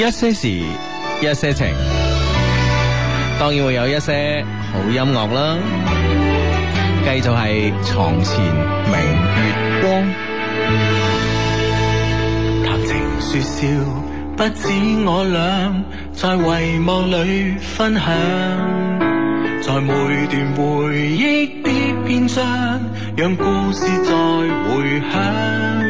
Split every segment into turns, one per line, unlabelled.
一些事，一些情，當然會有一些好音樂啦。繼續係床前明月光，談情説笑，不止我倆在帷幕裏分享，在每段回憶的篇章，讓故事再回響。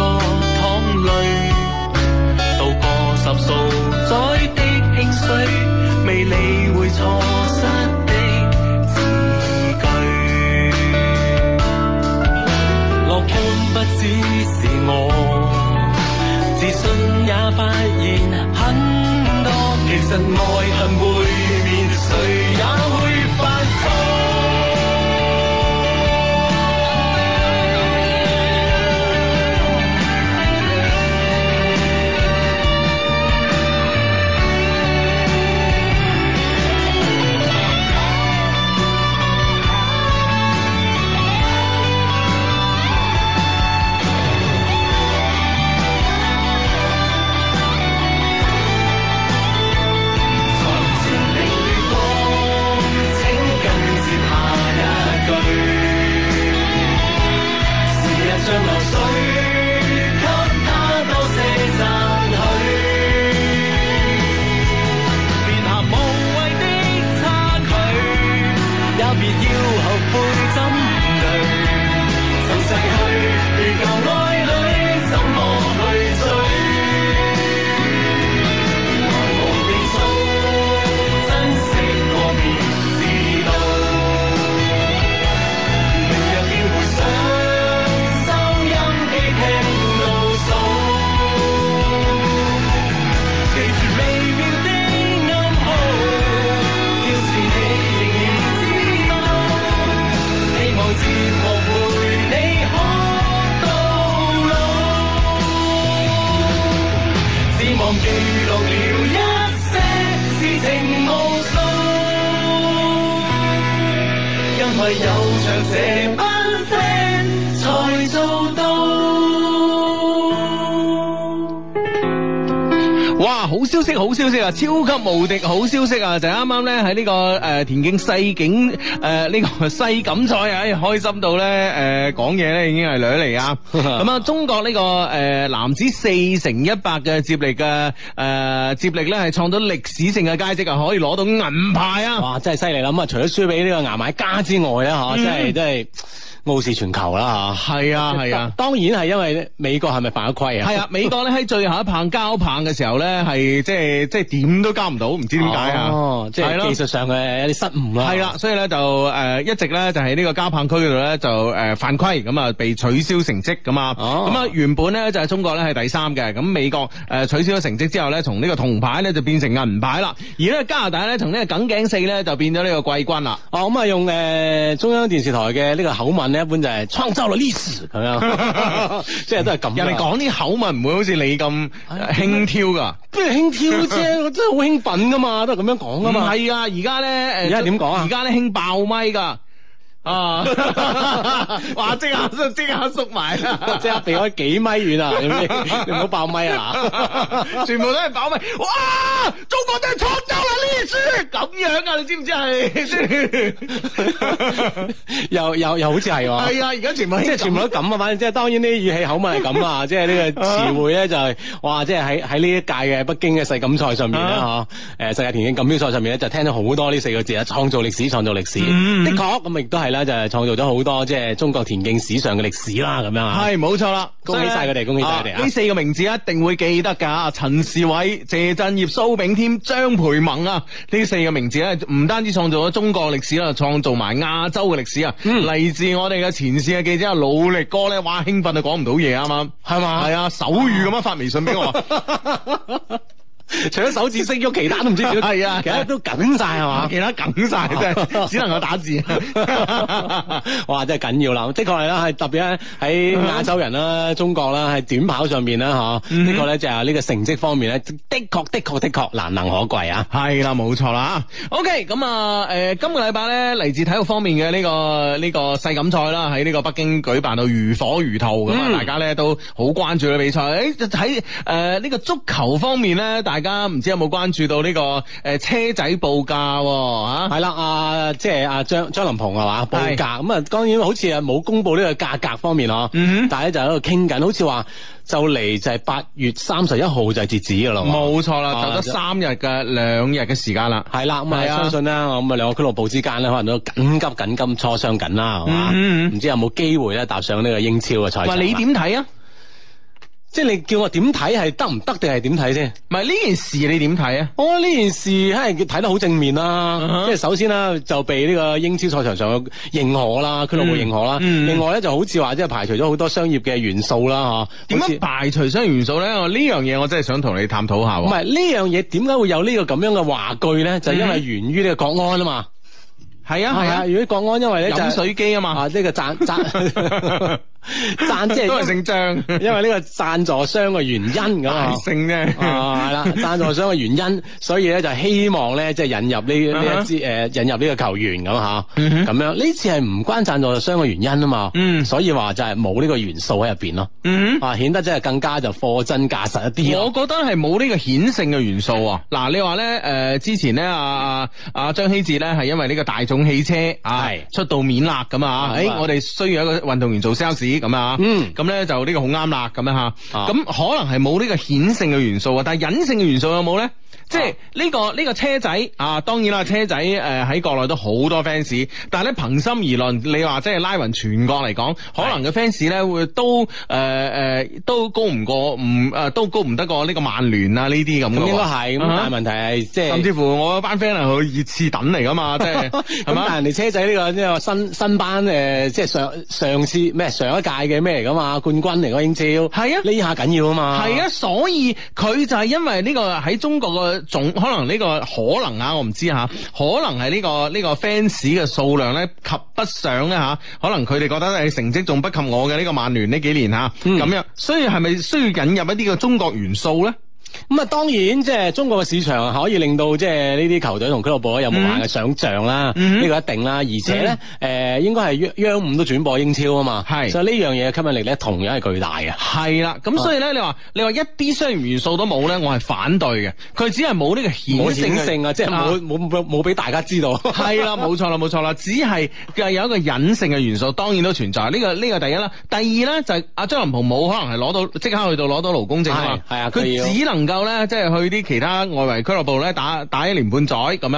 不只是我，自信也發現很多。其實愛恨會變碎。超級無敵好消息啊！就係啱啱咧喺呢、這個誒、呃、田徑世錦，誒、呃、呢、這個世錦賽啊，開心到咧誒講嘢咧已經係女嚟啊！咁啊，中國呢、這個誒、呃、男子四乘一百嘅接力嘅誒、呃、接力咧係創到歷史性嘅佳績啊，可以攞到銀牌啊！哇，真係犀利啦！咁啊，除咗輸俾呢個牙買加之外、嗯、啊，嗬，真係真係。傲視全球啦吓，係啊係啊，啊當然係因為美國係咪犯咗規啊？係啊，美國咧喺最後一棒 交棒嘅時候咧，係即係即係點都交唔到，唔知點解啊？哦，即係咯技術上嘅有啲失誤啦、啊。係啦、啊，所以咧就誒、呃、一直咧就喺呢個交棒區嗰度咧就誒犯規咁啊，被取消成績咁啊。咁啊、哦、原本咧就係中國咧係第三嘅，咁美國誒取消咗成績之後咧，從呢個銅牌咧就變成銀牌啦。而呢，加拿大咧從呢個梗頸四咧就變咗呢個季軍啦。哦，咁、嗯、啊用誒中央電視台嘅呢個口吻。你一般就係創造了歷史咁樣，即 係都係咁。人哋講啲口吻唔會好似你咁輕佻噶，哎、呦不如輕佻啫，我 真係好興奮噶嘛，都係咁樣講噶嘛。係啊，而家咧誒，而家點講啊？而家咧興爆咪噶。啊！哇， 即刻即刻縮埋啦！即刻避開幾米遠啊！你唔好爆米啊！ 全部都係爆米！哇！中國隊創造了歷史！咁樣啊？你知唔知係？ 又又又好似係喎！係啊！而家全部即係全部都咁啊！ 反正即、就、係、是、當然呢啲語氣口吻係咁啊！即係呢個詞彙咧就係哇！即係喺喺呢一屆嘅北京嘅世錦賽上面啦嗬！誒、啊，世界田徑錦標賽上面咧就聽到好多呢四個字啊！創造歷史，創造歷史！嗯、的確咁亦都係。啦就係創造咗好多即係中國田徑史上嘅歷史啦，咁樣係冇錯啦，恭喜晒佢哋，以恭喜晒佢哋。呢、啊啊、四個名字一定會記得噶，陳士偉、謝振業、蘇炳添、張培萌啊，呢四個名字咧，唔單止創造咗中國歷史啦，創造埋亞洲嘅歷史啊。嚟、嗯、自我哋嘅前線嘅記者，努力哥咧，哇興奮到講唔到嘢啊嘛，係嘛、嗯，係吧啊，手語咁樣發微信俾我。除咗手指識喐，其他都唔知點，係啊，其他 都緊晒係嘛， 其他緊晒，真係 只能夠打字。 哇，真係緊要啦，的確係啦，係特別咧喺亞洲人啦、嗯、中國啦，喺短跑上面啦，嗬、嗯，的確咧就係呢個成績方面咧，的確的確的確難能可貴啊。係啦，冇錯啦。OK，咁啊，誒、呃，今個禮拜咧嚟自體育方面嘅呢、這個呢、這個世錦賽啦，喺呢個北京舉辦到如火如荼咁啊，嗯、大家咧都好關注嘅比賽。喺誒呢個足球方面咧，大大家唔知有冇關注到呢個誒車仔報價吓，係啦，阿即係阿張張林鵬係嘛報價，咁啊，當然好似啊冇公布呢個價格方面嗬，但係咧就喺度傾緊，好似話就嚟就係八月三十一號就係截止噶啦，冇錯啦，就得三日嘅兩日嘅時間啦，係啦，咁啊相信啦，咁啊兩個俱樂部之間咧可能都緊急緊急磋商緊啦，係嘛，唔知有冇機會咧搭上呢個英超嘅賽程？你點睇啊？即係你叫我點睇，係得唔得定係點睇先？唔係，呢件事你點睇啊？我呢件事係睇得好正面啦，即係首先啦就被呢個英超賽場上嘅認可啦，俱樂部認可啦。另外咧就好似話即係排除咗好多商業嘅元素啦，吓。點解排除商業元素咧？我呢樣嘢我真係想同你探討下。唔係呢樣嘢，點解會有呢個咁樣嘅話句咧？就因為源於呢個國安啊嘛。係啊係啊，如果國安因為咧飲水機啊嘛，啊呢個賺賺。贊即係、就是、因為姓張、哎，因為呢個贊助商嘅原因咁啊，姓張啊，係啦，贊助商嘅原因，所以咧，就希望咧即係引入呢呢一支誒，引入呢個球員咁吓，咁、mm hmm. 樣呢次係唔關贊助商嘅原因啊嘛，嗯，所以話就係冇呢個元素喺入邊咯，嗯，啊，顯得即係更加就貨真價實一啲。我覺得係冇呢個顯性嘅元素啊，嗱、啊，你話咧誒，之前咧阿阿阿張希哲咧係因為呢個大眾汽車係、啊啊、出道面啦咁啊，誒， 我哋需要一個運動員做 sales。咁啊，嗯，咁咧就呢個好啱啦，咁樣吓，咁、啊、可能係冇呢個顯性嘅元素啊，但係隱性嘅元素有冇咧？啊、即係呢、這個呢、這個車仔啊，當然啦，車仔誒喺、呃、國內都好多 fans，但係咧憑心而論，你話即係拉勻全國嚟講，可能嘅 fans 咧會都誒誒都高唔過唔誒、呃、都高唔得過呢、呃、個曼聯啊呢啲咁嘅，應該係咁，啊、但係問題係即係，啊、甚至乎我班 friend 係佢熱刺躉嚟噶嘛，即係係嘛， 但係人哋車仔呢、這個即係話新新班誒，即係上上，上次咩上一。界嘅咩嚟噶嘛？冠軍嚟噶英超係啊，呢下緊要啊嘛。係啊，所以佢就係因為呢個喺中國個總可能呢個可能啊，我唔知吓，可能係呢個呢個 fans 嘅數量呢及不上咧吓，可能佢哋覺得係成績仲不及我嘅呢個曼聯呢幾年吓咁樣，嗯、所以係咪需要引入一啲嘅中國元素呢？咁啊，當然即係中國嘅市場可以令到即係呢啲球隊同俱樂部有無限嘅想像啦，呢個一定啦。而且咧，誒應該係央五都轉播英超啊嘛。係，所以呢樣嘢嘅吸引力咧，同樣係巨大嘅。係啦，咁所以咧，你話你話一啲商業元素都冇咧，我係反對嘅。佢只係冇呢個顯性性啊，即係冇冇冇俾大家知道。係啦，冇錯啦，冇錯啦，只係佢有一個隱性嘅元素，當然都存在。呢個呢個第一啦，第二咧就係阿張琳芃冇可能係攞到即刻去到攞到勞工證啊嘛。係啊，佢只能。能夠咧，即係去啲其他外圍俱樂部咧打打一年半載咁樣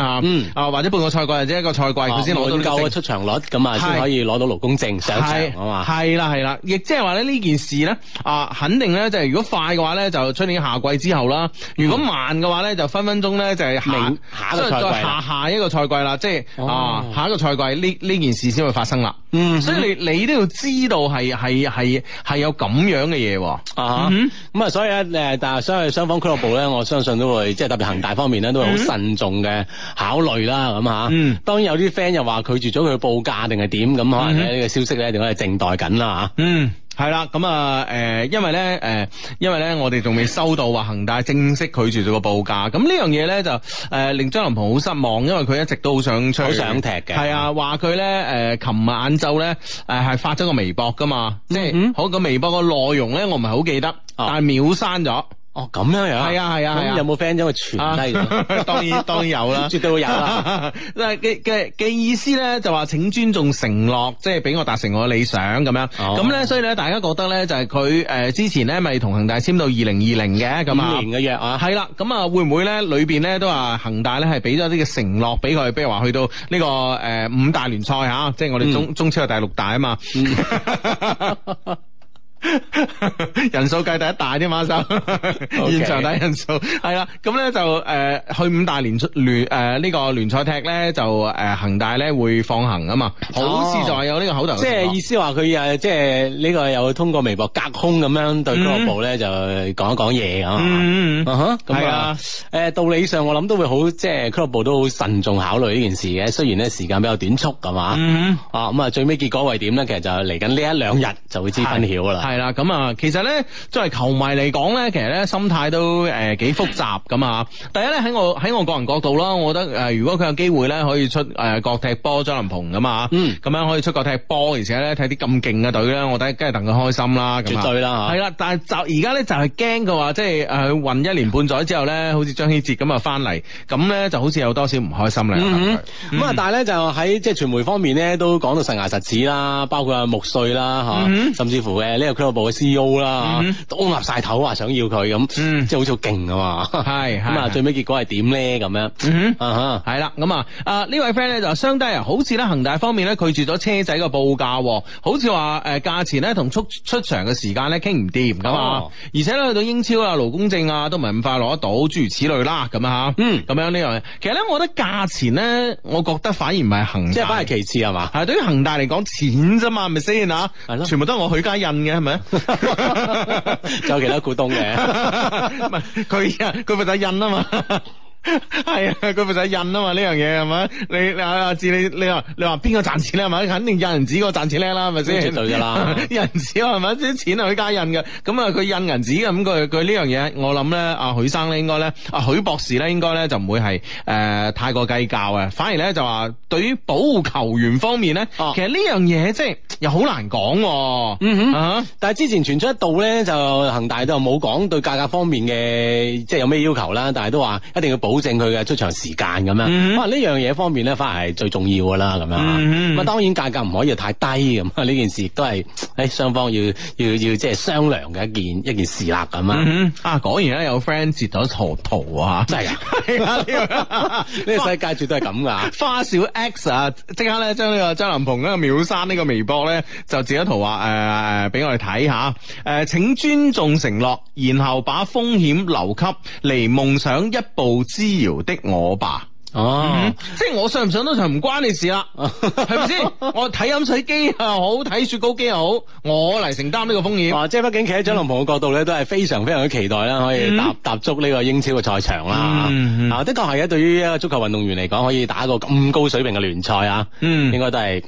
吓，啊或者半個賽季或者一個賽季，佢先攞到夠嘅出場率，咁啊先可以攞到勞工證上場啊嘛。係啦係啦，亦即係話咧呢件事咧啊，肯定咧就係如果快嘅話咧就出年夏季之後啦，如果慢嘅話咧就分分鐘咧就係下下一個再下下一個賽季啦，即係啊下一個賽季呢呢件事先會發生啦。嗯，所以你你都要知道係係係係有咁樣嘅嘢啊，咁啊所以咧誒但係所以雙方，俱樂部咧，我相信都會即係特別恒大方面咧，都係好慎重嘅考慮啦，咁吓、mm.。當然有啲 friend 又話拒絕咗佢報價，定係點咁可能呢個消息咧，仲係靜待緊啦吓。嗯、mm，係啦，咁啊，誒，因為咧，誒，因為咧，我哋仲未收到話恒大正式拒絕咗個報價。咁呢樣嘢咧，就誒、呃、令張林鵬好失望，因為佢一直都好想出想踢嘅係啊，話佢咧，誒、呃，琴晚晏晝咧，誒係發咗個微博噶嘛，即係、mm hmm. 好個微博個內容咧，我唔係好記得，mm hmm. 但係秒刪咗。哦，咁樣呀？係啊，係啊，啊嗯、有冇 friend 因為傳低？ 當然，當然有啦， 絕對會有啦。但係嘅嘅嘅意思咧，就話請尊重承諾，即係俾我達成我嘅理想咁樣。咁咧、哦，所以咧，大家覺得咧，就係佢誒，之前咧咪同恒大簽到二零二零嘅咁啊？五年嘅約啊，係啦。咁啊，會唔會咧裏邊咧都話恒大咧係俾咗啲嘅承諾俾佢，比如話去到呢個誒五大聯賽吓，即、就、係、是、我哋中、嗯、中超嘅第六大啊嘛。 人數計第一大啲馬手，現場睇人數係啦，咁咧就誒去五大聯出聯誒呢個聯賽踢咧就誒恒大咧會放行啊嘛，好似就係有呢個口頭即係意思話佢誒即係呢個又通過微博隔空咁樣對俱樂部咧就講一講嘢咁啊，咁啊誒道理上我諗都會好即係俱樂部都好慎重考慮呢件事嘅，雖然咧時間比較短促㗎嘛，啊咁啊最尾結果會點咧？其實就嚟緊呢一兩日就會知分曉噶啦。係啦，咁啊，其實咧，作為球迷嚟講咧，其實咧心態都誒幾複雜咁啊。第一咧喺我喺我個人角度啦，我覺得誒，如果佢有機會咧可以出誒國踢波張林鵬咁啊，嗯，咁樣可以出國踢波，而且咧睇啲咁勁嘅隊咧，我覺得梗係戥佢開心啦，絕對啦，係啦。但係就而家咧就係驚嘅話，即係誒混一年半載之後咧，好似張稀哲咁啊翻嚟，咁咧就好似有多少唔開心咧。咁啊，但係咧就喺即係傳媒方面咧都講到實牙實齒啦，包括阿木穗啦吓，甚至乎誒呢個。嗰部嘅 C.O. 啦，都岌晒頭話想要佢咁，即係好似勁啊嘛。係咁、嗯、啊，最尾結果係點咧？咁樣啊哈，係啦。咁啊，啊呢位 friend 咧就相雙低啊，好似咧恒大方面咧拒絕咗車仔嘅報價，好似話誒價錢咧同出出場嘅時間咧傾唔掂咁啊。哦、而且咧去到英超啊、勞工證啊都唔係咁快攞得到，諸如此類啦咁啊吓。樣嗯，咁樣呢樣，其實咧我覺得價錢咧，我覺得反而唔係恒大，即係反而其次係嘛。係對，對於恒大嚟講，錢咋嘛，係咪先啊？係咯的，全部都係我許家印嘅，係咪？ 仲 有其他股東嘅，唔係，佢啊，佢咪就印啊嘛。係 啊，佢唔使印啊嘛，呢樣嘢係咪？你啊，自你你話你話邊個賺錢叻，係咪？肯定印銀紙個賺錢叻啦，係咪先？絕對㗎啦，印紙係咪？啲錢係佢加印嘅，咁啊，佢印銀紙嘅，咁佢佢呢樣嘢，我諗咧，阿許生咧，應該咧，阿許博士咧，應該咧就唔會係誒、呃、太過計較啊，反而咧就話對於保護球員方面咧，啊、其實呢樣嘢即係又好難講、啊。嗯哼、啊、但係之前傳出一度咧，就恒大都冇講對價格方面嘅即係有咩要求啦，但係都話一定要保。保證佢嘅出場時間咁樣，咁啊呢樣嘢方面咧，反而係最重要噶啦，咁樣，mm。咁啊，當然價格唔可以太低咁。呢件事都係誒雙方要要要即係商量嘅一件一件事啦，咁、mm hmm. 啊。啊，果然咧，有 friend 截咗圖啊，真係啊，呢個世界絕對係咁噶。 花小 X 啊，即刻咧將呢個張林鵬呢個秒刪呢個微博咧，就截咗圖話誒俾我哋睇下。誒、呃，請尊重承諾，然後把風險留給嚟夢想一步之之遙的我吧，哦、啊，嗯、哼即係我上唔上都場唔關你事啦，係咪先？ 我睇飲水機又好，睇雪糕機又好，我嚟承擔呢個風險。啊，即係畢竟企喺張龍鵬嘅角度咧，都係非常非常嘅期待啦，可以踏踏足呢個英超嘅賽場啦。嗯嗯、啊，的確係啊，對於一個足球運動員嚟講，可以打一個咁高水平嘅聯賽啊、就是嗯，嗯，應該都係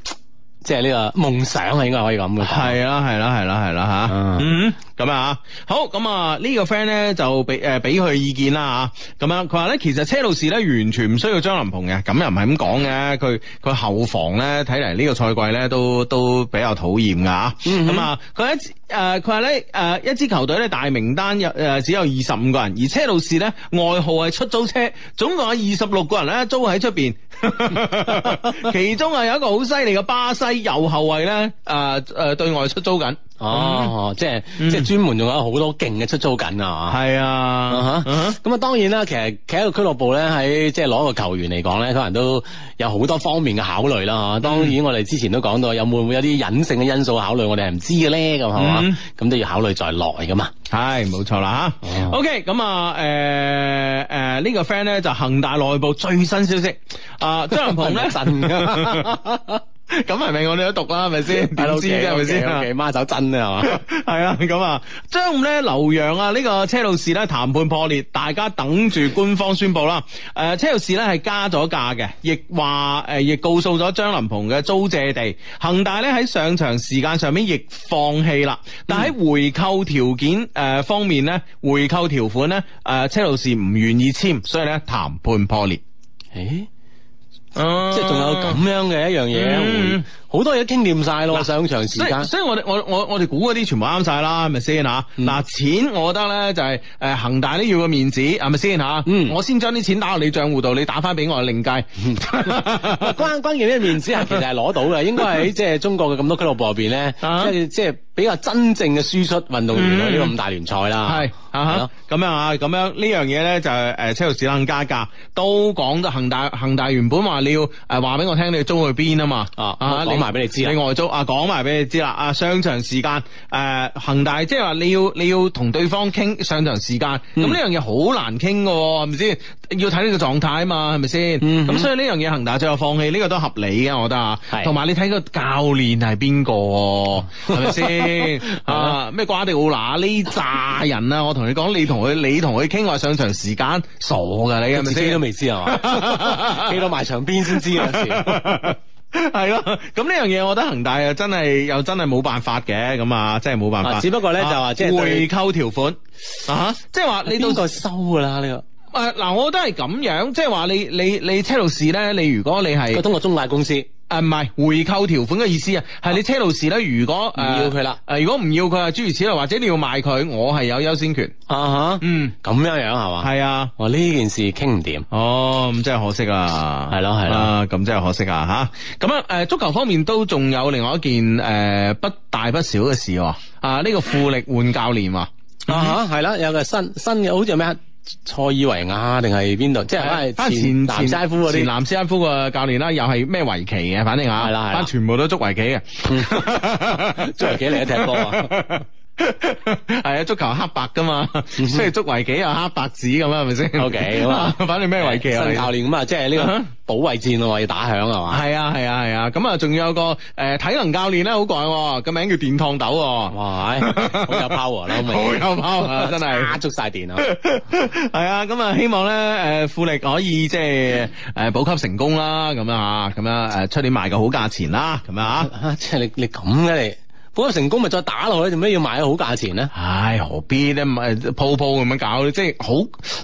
即係呢個夢想啊，應該可以咁嘅。係啦，係啦，係啦，係啦，吓。嗯。咁啊，好咁啊，這個、呢個 friend 咧，就俾、誒俾佢意見啦啊，咁樣佢話咧，其實車路士咧完全唔需要張林鵬嘅。咁又唔係咁講嘅，佢、佢後防咧，睇嚟呢個賽季咧都、都比較討厭噶啊，咁啊佢一支、誒佢話咧誒一支球隊咧大名單有誒只有二十五個人，而車路士咧外號係出租車，總共有二十六個人咧租喺出邊， 其中啊有一個好犀利嘅巴西右後衛咧，誒、誒對外出租緊。哦，即係即係專門仲有好多勁嘅出租緊啊，係啊，咁啊！啊啊當然啦，其實企喺個俱樂部咧，喺即係攞個球員嚟講咧，可能都有好多方面嘅考慮啦，吓、嗯。當然我哋之前都講到，有，有會唔會有啲隱性嘅因素考慮，我哋係唔知嘅咧，咁係嘛，咁都要考慮在內噶嘛。係，冇錯啦，吓。OK，咁啊，誒誒、okay,，呢、呃呃呃呃這個 friend 咧就恒大內部最新消息，阿張琳芃咧神咁係咪我哋都讀啦？係咪先？點 知啫？係咪先？OK，孖手真咧係嘛？係 啊樂，咁、嗯、啊，張唔咧劉洋啊呢個車路士咧談判破裂，大家等住官方宣布啦。誒，車路士咧係加咗價嘅，亦話誒亦告訴咗張林鵬嘅租借地，恒大咧喺上場時間上面亦放棄啦。但喺回購條件誒方面咧，回購條款咧誒車路士唔願意簽，所以咧談判破裂。誒、欸？即係仲有咁樣嘅一樣嘢、嗯。會。好多嘢傾掂晒咯，上場時間。所以，所以我我我哋估嗰啲全部啱晒啦，係咪先啊？嗱，錢我覺得咧就係誒恒大都要個面子，係咪先嚇？嗯，我先將啲錢打到你賬戶度，你打翻俾我另計。關關鍵呢個面子係其實係攞到嘅，應該係即係中國嘅咁多俱樂部入邊咧，即係即係比較真正嘅輸出運動員呢個五大聯賽啦。係咁樣啊，咁樣呢樣嘢咧就係誒，車路士能加價都講得恒大，恒大原本話你要誒話俾我聽你要租去邊啊嘛啊話俾你知，你外租啊，講埋俾你知啦。 啊，上場時間，誒，恒大即係話你要你要同對方傾上場時間，咁呢樣嘢好難傾嘅，係咪先？要睇呢個狀態啊嘛，係咪先？咁所以呢樣嘢恒大最後放棄呢個都合理嘅，我覺得啊，同埋你睇個教練係邊個，係咪先？啊，咩瓜迪奧拿呢扎人啊？我同你講，你同佢你同佢傾話上場時間傻噶，你嘅， 咪知都未知係嘛？企到埋牆邊先知啊！係咯，咁、 啊啊、呢樣嘢，我覺得恒大又真係又真係冇辦法嘅，咁啊，真係冇辦法。只不過咧就話即係回購條款啊，即係話你都呢收噶啦呢個。誒，嗱，我得係咁樣，即係話你你你車路士咧，你如果你係東樂中大公司。誒，唔係、uh, 回購條款嘅意思啊，係你車路士咧，如果唔、呃、要佢啦，誒，如果唔要佢啊，諸如此類，或者你要賣佢，我係有優先權。啊哈、 哦，嗯，咁樣樣係嘛？係 啊，哇，呢件事傾唔掂。哦，咁真係可惜啊。係咯，係咯，咁真係可惜啊，吓。咁啊，誒，足球方面都仲有另外一件誒，不大不小嘅事。啊，呢、這個富力換教練啊，係啦、 uh huh? 啊，有個新新嘅，好似咩？塞爾維亞定係邊度？即係翻前前南斯拉夫嗰啲，前南斯拉夫個教練啦，又係咩圍棋嘅，反正啊，翻全部都捉圍棋嘅，捉圍棋嚟一踢波啊！ 係啊， 足球黑白噶嘛， 即係捉圍棋又黑白子咁啊，係咪先？O K，咁啊，反正咩圍棋啊，新教練咁啊，即係呢個保衛戰咯，uh huh. 要打響係嘛？係啊，係啊，係啊，咁啊，仲有個誒體能教練咧，好怪個名叫電熨斗，哇，有 power, 好， 好有 power 咯， 好有 power，真係啊，足晒電啊，係啊，咁啊，希望咧，誒，富力可以即係誒補級成功啦，咁啊，咁啊，誒，出年賣個好價錢啦，咁啊，啊，即係你你咁嘅你。你嗰個成功咪再打落去，做咩要賣好價錢咧？唉、哎，何必咧？咪鋪鋪咁樣搞咧？即係好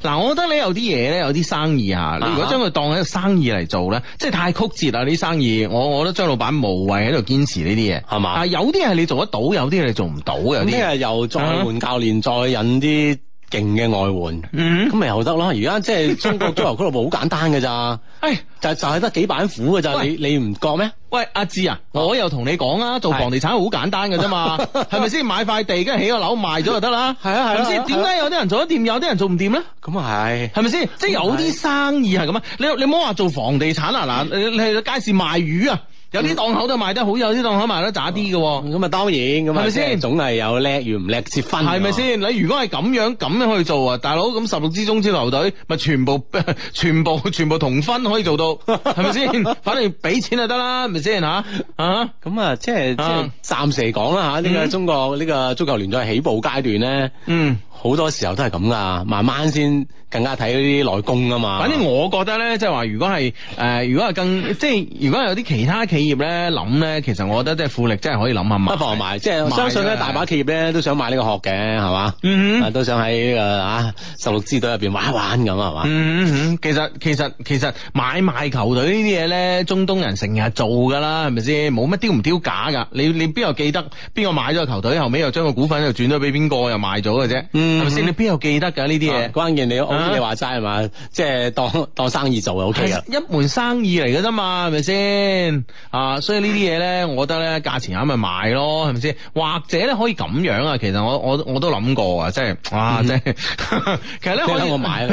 嗱，我覺得你有啲嘢咧，有啲生意嚇，啊、你如果將佢當個生意嚟做咧，即係太曲折啦啲生意。我我覺得張老闆無謂喺度堅持呢啲嘢，係嘛吧？啊，有啲係你做得到，有啲你做唔到嘅。有啲係又再換教練，啊、再引啲。勁嘅外援，咁咪又得咯？而家即係中國足球俱樂部好簡單嘅咋？誒，就就係得幾板斧嘅咋？你你唔覺咩？喂，阿芝啊，我又同你講啊，做房地產好簡單嘅啫嘛，係咪先？買塊地，跟住起個樓，賣咗就得啦。係啊係，唔知點解有啲人做得掂，有啲人做唔掂咧？咁啊係，係咪先？即係有啲生意係咁啊？你你唔好話做房地產啊嗱，你你去街市賣魚啊？有啲檔口都賣得好，有啲檔口賣得渣啲嘅，咁啊、哦嗯、當然，咁係咪先？即係總係有叻與唔叻之分，係咪先？你如果係咁樣咁樣去做啊，大佬咁十六支中超球隊咪全部、呃、全部、全部同分可以做到，係咪先？ 反正俾錢就得啦，係咪先吓？啊！咁啊、嗯，即係即係暫時嚟講啦嚇，呢個中國呢個足球聯賽起步階段咧。嗯。好多時候都係咁噶，慢慢先更加睇啲內功噶嘛。反正我覺得咧，即係話如果係誒、呃，如果係更即係，如果有啲其他企業咧諗咧，其實我覺得即係富力真係可以諗下賣。不妨賣，買即係相信咧大把企業咧都想買呢個殼嘅，係嘛？嗯哼、mm，hmm. 都想喺誒啊十六支隊入邊玩一玩咁啊嘛。嗯嗯、mm hmm.，其實其實其實買賣球隊呢啲嘢咧，中東人成日做噶啦，係咪先？冇乜丟唔丟假噶？你你邊又記得邊個買咗個球隊，後尾又將個股份又轉咗俾邊個，又賣咗嘅啫。Hmm. 係咪先？你邊有記得噶呢啲嘢？關鍵你好似你話齋係嘛？即係當當生意做啊！OK 一門生意嚟嘅啫嘛，係咪先？啊，所以呢啲嘢咧，我覺得咧，價錢啱咪買咯，係咪先？或者咧可以咁樣啊？其實我我我都諗過啊，即係哇，嗯、即係其實咧，我諗我買，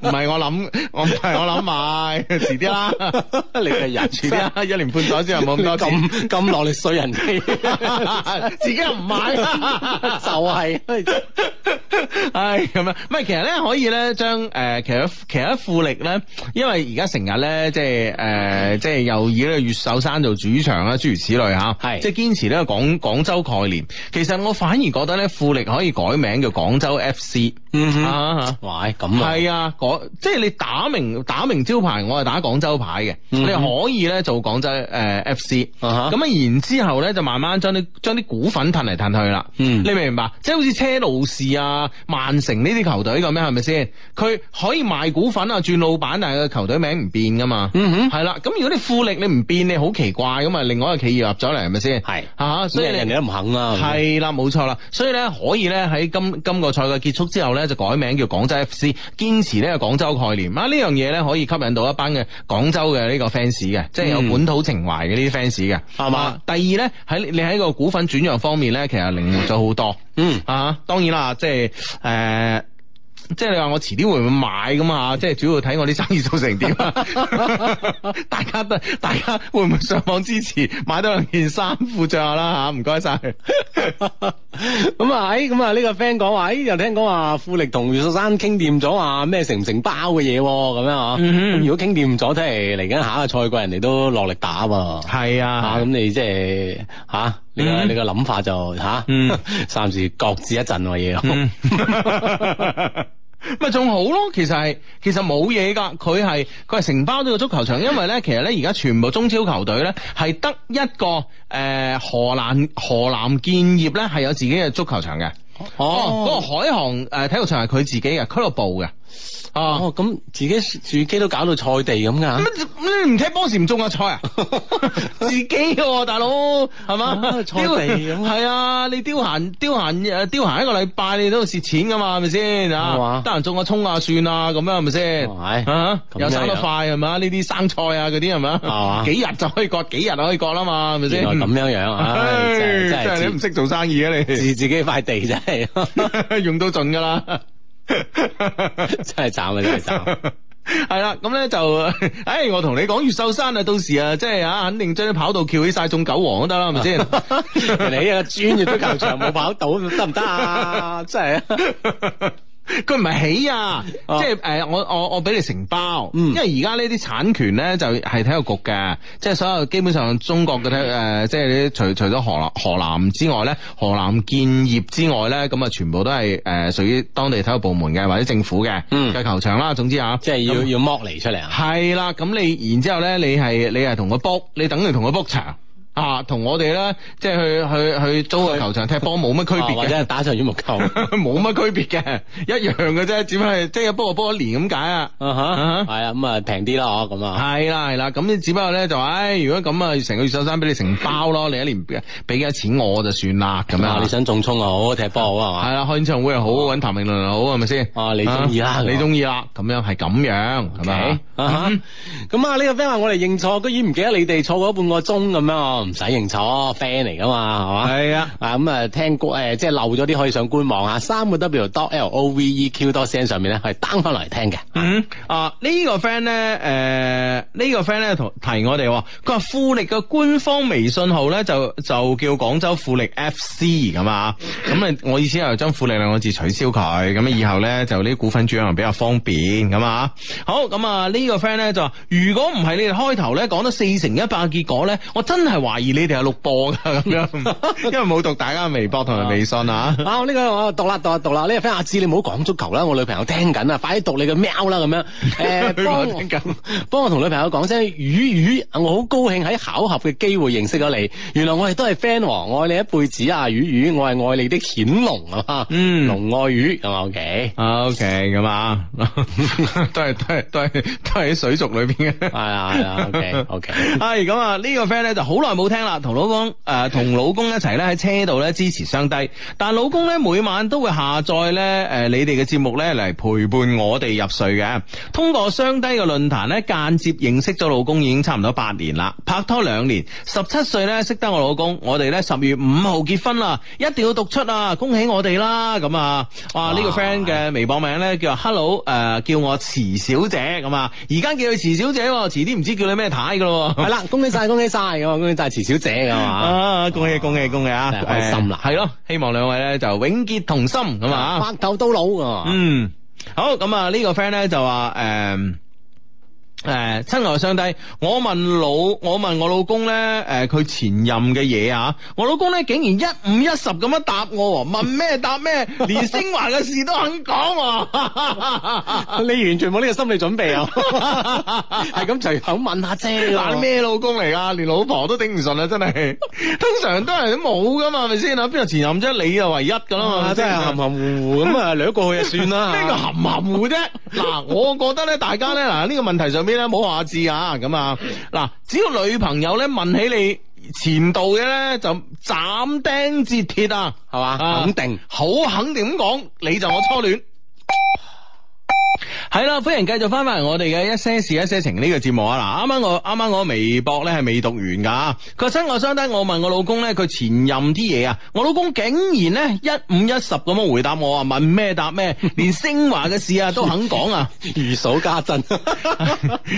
唔係 我諗，我係我諗買，遲啲啦， 你嘅人遲啲啦，後 一年半載先有冇咁咁咁落力衰人哋， 自己又唔買， 就係、是。唉 咁、哎、樣，唔係其實咧可以咧將誒，其實，可以將、呃、其，實其實富力咧，因為而家成日咧即係誒，即係、呃、又以咧越秀山做主場啦，諸如此類吓，係是即係堅持咧廣廣州概念。其實我反而覺得咧富力可以改名叫廣州 F C，嗯喂哼，咁啊，係啊，改、啊啊、即係你打明打明招牌，我係打廣州牌嘅，嗯、哼你可以咧做廣州誒 F C，咁啊，然之後咧就慢慢將啲將啲股份褪嚟褪去啦，嗯，你明唔明白？即係。啲車路士啊，曼城呢啲球隊咁樣？係咪先？佢可以賣股份啊，轉老闆，但係個球隊名唔變噶嘛？嗯哼，係啦。咁如果你富力你唔變，你好奇怪咁啊？另外一個企業入咗嚟，係咪先？係啊，所以人哋都唔肯啊。係啦，冇錯啦。所以咧，可以咧喺今今個賽季結束之後咧，就改名叫廣州 FC，堅持呢個廣州概念。啊，呢樣嘢咧可以吸引到一班嘅廣州嘅呢個 fans 嘅，即係有本土情懷嘅呢啲 fans 嘅，係嘛。第二咧喺你喺個股份轉讓方面咧，其實靈活咗好多。嗯啊，當然啦，即係誒，即、呃、係、就是、你話我遲啲會唔會買㗎嘛？即、就、係、是、主要睇我啲生意做成點啊！ 大家都大家會唔會上網支持，買多兩件衫褲着下啦吓，唔該晒。咁啊，誒，咁 啊、 嗯，呢、嗯嗯、個 friend 講話，誒、哎，又聽講話富力同素山傾掂咗啊？咩成唔成包嘅嘢咁樣啊？嗯嗯、如果傾掂咗，睇嚟嚟緊下個賽季人哋都落力打喎。係啊，咁你即係吓。啊你個、嗯、你個諗法就吓，暫、啊嗯、時各自一陣我要，咪仲、嗯、 好咯？其實係其實冇嘢噶，佢係佢係承包咗個足球場，因為咧，其實咧而家全部中超球隊咧係得一個誒、呃，河南河南建業咧係有自己嘅足球場嘅，哦，嗰、哦嗰個海航誒體育場係佢自己嘅俱樂部嘅。哦，咁自己住機都搞到菜地咁噶？咁你唔踢波時唔種下菜啊？自己嘅大佬係嘛？菜地係啊，你丟閒丟閒丟閒一個禮拜你都蝕錢噶嘛？係咪先吓？得閒種下葱啊蒜啊咁樣係咪先？係啊，又生得快係嘛？呢啲生菜啊嗰啲係嘛？係幾日就可以割，幾日就可以割啦嘛？係咪先？咁樣樣啊，即係你唔識做生意啊你？自自己塊地真係用到盡噶啦。 真係慘啊！真係慘，係啦， 咁咧就，誒、哎，我同你講，越秀山啊，到時啊，即係啊，肯定將啲跑道翹起晒，種韭皇都得啦，係咪先？你啊，個專業足球場冇跑道，得唔得啊？真係啊！ 佢唔係起啊，啊即係誒，我我我俾你承包，嗯、因為而家呢啲產權咧就係體育局嘅，即係所有基本上中國嘅誒、呃，即係啲除除咗河南河南之外咧，河南建業之外咧，咁啊全部都係誒屬於當地體育部門嘅或者政府嘅嘅、嗯、球場啦。總之啊，即係要那要剝離出嚟啊，係啦，咁你然之後咧，你係你係同佢 book，你等於同佢 book 場。啊，同我哋咧，即係去去去租個球場踢波冇乜區別嘅，啫，打上羽毛球，冇乜區別嘅，一樣嘅啫，只不過即係不個波一年咁解啊，係啊，咁啊平啲咯咁啊，係啦係啦，咁只不過咧就，唉，如果咁啊，成個越秀山俾你承包咯，你一年俾幾多錢我就算啦，咁樣，你想種蔥又好，踢波好係嘛，係啦，開演唱會又好，搵譚詠麟又好，係咪先？啊，你中意啦，你中意啦，咁樣係咁樣，係咪？咁啊呢個 friend 話我哋認錯，居然唔記得你哋錯咗半個鐘咁樣哦。唔使認錯，friend 嚟噶嘛，係嘛？係的啊，啊咁啊聽歌、呃、即係漏咗啲可以上官網啊，三個 W dot L O V E Q dot CN 上面咧，可以 down 返落嚟聽嘅。嗯啊，呢個、呢、呃呢個 friend 咧誒，呢個 friend 咧同提我哋，佢話富力嘅官方微信號咧就就叫廣州富力 FC 咁啊，咁啊 我意思係將富力兩個字取消佢，咁啊以後咧就啲股份轉讓比較方便，咁啊好咁、嗯、啊、呢個、呢個 friend 咧就話，如果唔係你哋開頭咧講得四成一百嘅結果咧，我真係話。懷疑你哋係錄播噶咁樣， 因為冇讀大家嘅微博同埋微信 啊、這個這個。啊，呢個我讀啦讀啦讀啦，呢個 friend 阿志，你唔好講足球啦，我女朋友聽緊啊，快啲讀你嘅喵啦咁樣。誒，聽緊，幫, 幫我同女朋友講聲，魚魚，我好高興喺巧合嘅機會認識咗你。原來我係都係 friend 王，我愛你一輩子啊，魚魚，我係愛你的顯龍啊。嗯，龍愛魚，ok，ok、okay, okay ,咁 啊，都係都係都係都係喺水族裏邊嘅、 啊。係啊係啊，ok ok，係、okay. 咁 啊，呢、這個 friend 咧就好耐冇。好聽啦，同老公誒、呃，同老公一齊咧喺車度咧支持雙低，但老公咧每晚都會下載咧誒，你哋嘅節目咧嚟陪伴我哋入睡嘅。通過雙低嘅論壇咧，間接認識咗老公已經差唔多八年啦，拍拖兩年，十七歲咧識得我老公，我哋咧十月五號結婚啦，一定要讀出啊！恭喜我哋啦，咁啊，哇呢哇 個 friend 嘅微博名咧叫做 Hello，誒、呃、叫我遲小姐咁啊，而家叫佢遲小姐，遲啲唔知叫你咩太噶咯，係啦，恭喜晒，恭喜晒，咁啊，恭喜晒。 馳小姐咁啊，啊！恭喜恭喜、啊、恭喜啊！啊開心啦，係咯、嗯，希望兩位咧就永結同心咁啊，白頭到老噶，嗯，好咁啊，個呢個 friend 咧就話誒。嗯誒，親愛上帝，我問老，我問我老公咧，誒，佢前任嘅嘢啊，我老公咧竟然一五一十咁樣答我，問咩答咩，連升華嘅事都肯講，你完全冇呢個心理準備啊，係咁就肯問下啫。你揀咩老公嚟噶？連老婆都頂唔順啊！真係，通常都係冇噶嘛，係咪先啊？邊有前任啫？你又唯一噶啦嘛，即係含含糊糊咁啊，掠過去就算啦。咩叫含含糊糊啫？嗱，我覺得咧，大家咧，嗱呢個問題上邊。冇話字啊，咁啊！嗱，只要女朋友咧問起你前度嘅咧，就斬釘截鐵啊，係嘛？肯定、啊、好肯定咁講，你就我初戀。係啦，歡迎繼續翻返嚟我哋嘅一些事一些情呢個節目啊！嗱，啱啱我啱啱我微博咧係未讀完噶，個身外相低，我問我老公咧佢前任啲嘢啊，我老公竟然咧一五一十咁樣回答我啊，問咩答咩，連升華嘅事啊都肯講啊， 如數家珍，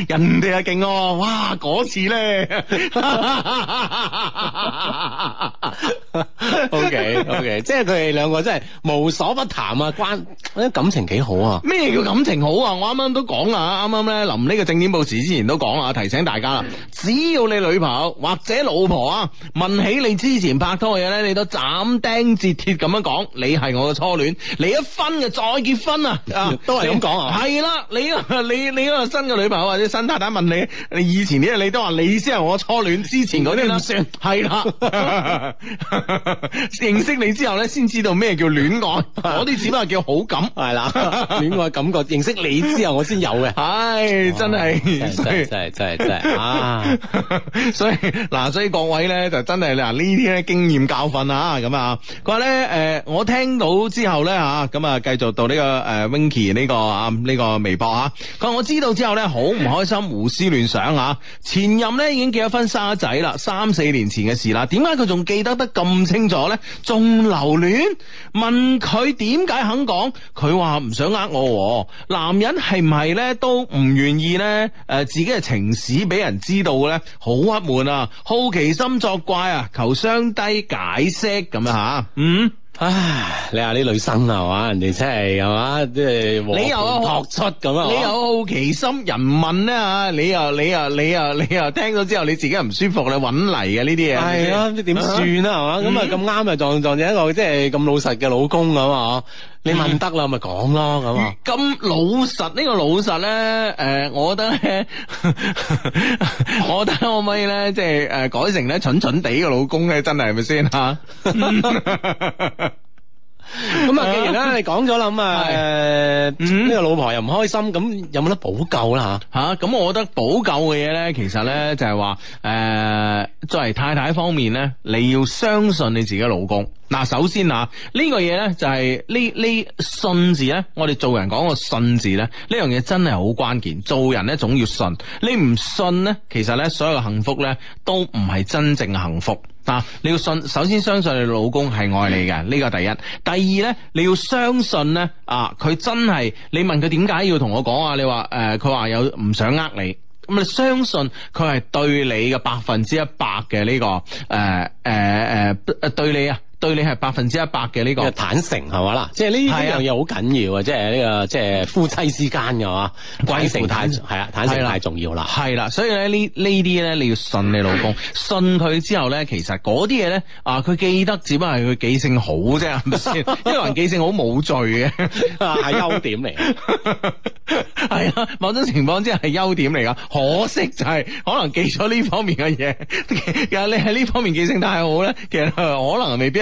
人哋啊勁哦，哇嗰次咧 ，OK OK， 即係佢哋兩個真係無所不談啊，關，感情幾好啊，咩叫感情？情好啊！我啱啱都講啦，啱啱咧臨呢個正點報時之前都講啦，提醒大家啦。只要你女朋友或者老婆啊問起你之前拍拖嘅嘢咧，你都斬釘截鐵咁樣講，你係我嘅初戀。離一分就再結婚啊！都係咁講啊！係啦、啊，你你你嗰個新嘅女朋友或者新太太問你，你以前啲你都話你先係我初戀之前嗰啲啦，算係啦 是的。 認識你之後咧，先知道咩叫戀愛，嗰啲 只不過叫好感係啦，戀 愛感覺認識你之後我先有嘅，唉，真係，真係，真係，真係，啊，所以嗱，所以各位咧就真係嗱呢啲咧經驗教訓啊，咁啊，佢話咧誒，我聽到之後咧吓，咁啊，繼續到呢、這個誒、呃、Winky 呢、這個啊呢、這個微博啊，佢話我知道之後咧好唔開心，胡思亂想啊，前任咧已經結咗婚生咗仔啦，三四年前嘅事啦，點解佢仲記得得咁清楚咧？仲留戀？問佢點解肯講？佢話唔想呃我、啊。男人係唔係咧都唔願意咧？誒、呃，自己嘅情史俾人知道嘅咧，好鬱悶啊！好奇心作怪啊，求雙低解釋咁啊吓。嗯，唉，你話啲女生係嘛？人哋真係係嘛？即係和盤托有和出咁有啊！你有好奇心，人問咧、啊、你又、啊、你又、啊、你又、啊、你又、啊啊、聽咗之後，你自己唔舒服，你搵嚟嘅呢啲嘢係咯，唔知點算啊？係嘛？咁啊咁啱啊，撞撞住一個即係咁老實嘅老公咁啊你問得啦，咪講咯咁啊！咁老實呢個老實咧，誒、呃，我覺得咧， 我覺得可唔可以咧，即係誒，改成咧蠢蠢地個老公咧，真係係咪先啊？ 咁、嗯、啊，既然啦，你講咗諗誒，呢個老婆又唔開心，咁有冇得補救啦吓？吓咁、啊，我覺得補救嘅嘢咧，其實咧就係話誒，作為太太方面咧，你要相信你自己老公。嗱，首先啊，這個、呢個嘢咧就係呢呢信字咧，我哋做人講個信字咧，呢樣嘢真係好關鍵。做人咧總要信，你唔信咧，其實咧所有嘅幸福咧都唔係真正嘅幸福。嗱、啊，你要信，首先相信你老公係愛你嘅，呢、嗯、個第一。第二咧，你要相信咧，啊，佢真係，你問佢點解要同我講啊？你話，誒、呃，佢話有唔想呃你，咁你相信佢係對你嘅百分之一百嘅呢、這個，誒誒誒，對你啊。對你係百分之一百嘅呢個，個坦誠係嘛啦，即係呢呢樣嘢，好緊要是啊！即係呢個即係夫妻之間嘅，哇，貴誠坦係啊坦誠太重要啦，係啦，所以咧呢呢啲咧你要信你老公，信佢之後咧，其實嗰啲嘢咧啊，佢記得只不過係佢記性好啫，係咪先？因為人記性好冇罪嘅，係優點嚟嘅，係啊，某種情況之下係優點嚟噶，可惜就係可能記咗呢方面嘅嘢，其實你喺呢方面記性太好咧，其實可能未必。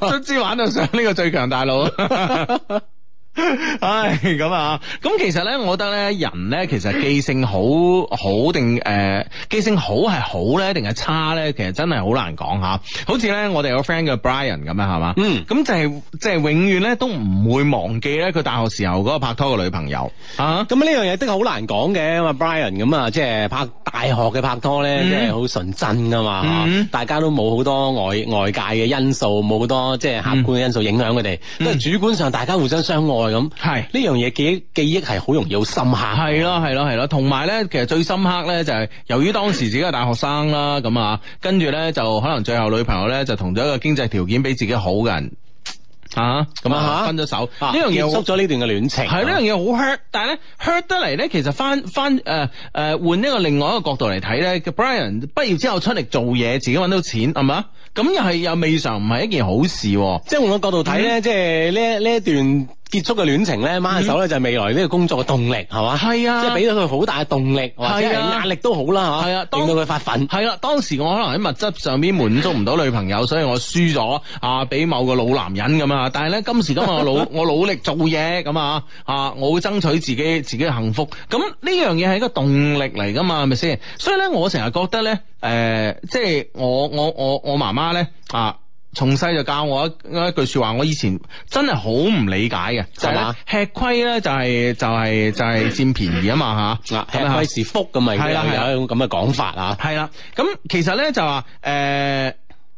卒之玩到上呢個最強大佬。唉，咁啊，咁其實咧，我覺得咧，人咧，其實記性好好定誒、呃，記性好係好咧，定係差咧，其實真係好難講吓。好似咧，我哋有個 friend 叫 Brian 咁樣係嘛，嗯，咁就係即係永遠咧都唔會忘記咧，佢大學時候嗰個拍拖嘅女朋友吓。咁呢樣嘢都係好難講嘅，咁啊 Brian 咁啊，即係、啊就是、拍大學嘅拍拖咧，即係好純真噶嘛，嗯、大家都冇好多外外界嘅因素，冇好多即係、就是、客觀嘅因素影響佢哋，嗯、都係主觀上大家互相相愛。咁係呢樣嘢，記憶記憶係好容易好深刻，係咯、啊，係咯、啊，係咯、啊。同埋咧，其實最深刻咧就係、是、由於當時自己係大學生啦，咁啊，跟住咧就可能最後女朋友咧就同咗一個經濟條件比自己好嘅人啊，咁啊，啊分咗手呢樣嘢，結束咗呢段嘅戀情係呢樣嘢好 hurt，但係咧 hurt 得嚟咧，其實翻翻誒誒換一個另外一個角度嚟睇咧，Brian 畢業之後出嚟做嘢，自己搵到錢係咪？咁又係又未嘗唔係一件好事，嗯、即係換個角度睇咧，即係呢呢一段。結束嘅戀情咧，掹手咧就係未來呢個工作嘅動力，係嘛？係啊，即係俾到佢好大嘅動力，或者係壓力都好啦，嚇。係啊，令到佢發奮。係啦、啊，當時我可能喺物質上邊滿足唔到女朋友，所以我輸咗啊，俾某個老男人咁啊。但係咧，今時今日我努 我努力做嘢咁啊，啊，我會爭取自己自己嘅幸福。咁呢樣嘢係一個動力嚟㗎嘛，係咪先？所以咧、呃，我成日覺得咧，誒，即係我我我我媽媽咧啊。從細就教我一一句說話，我以前真係好唔理解嘅，就係、是、吧吃虧咧就係、是、就係、是、就係、是、占便宜嘛啊嘛吓，樣吃虧是福咁咪係啦，的的有一種咁嘅講法啊，係啦的，咁其實咧就話誒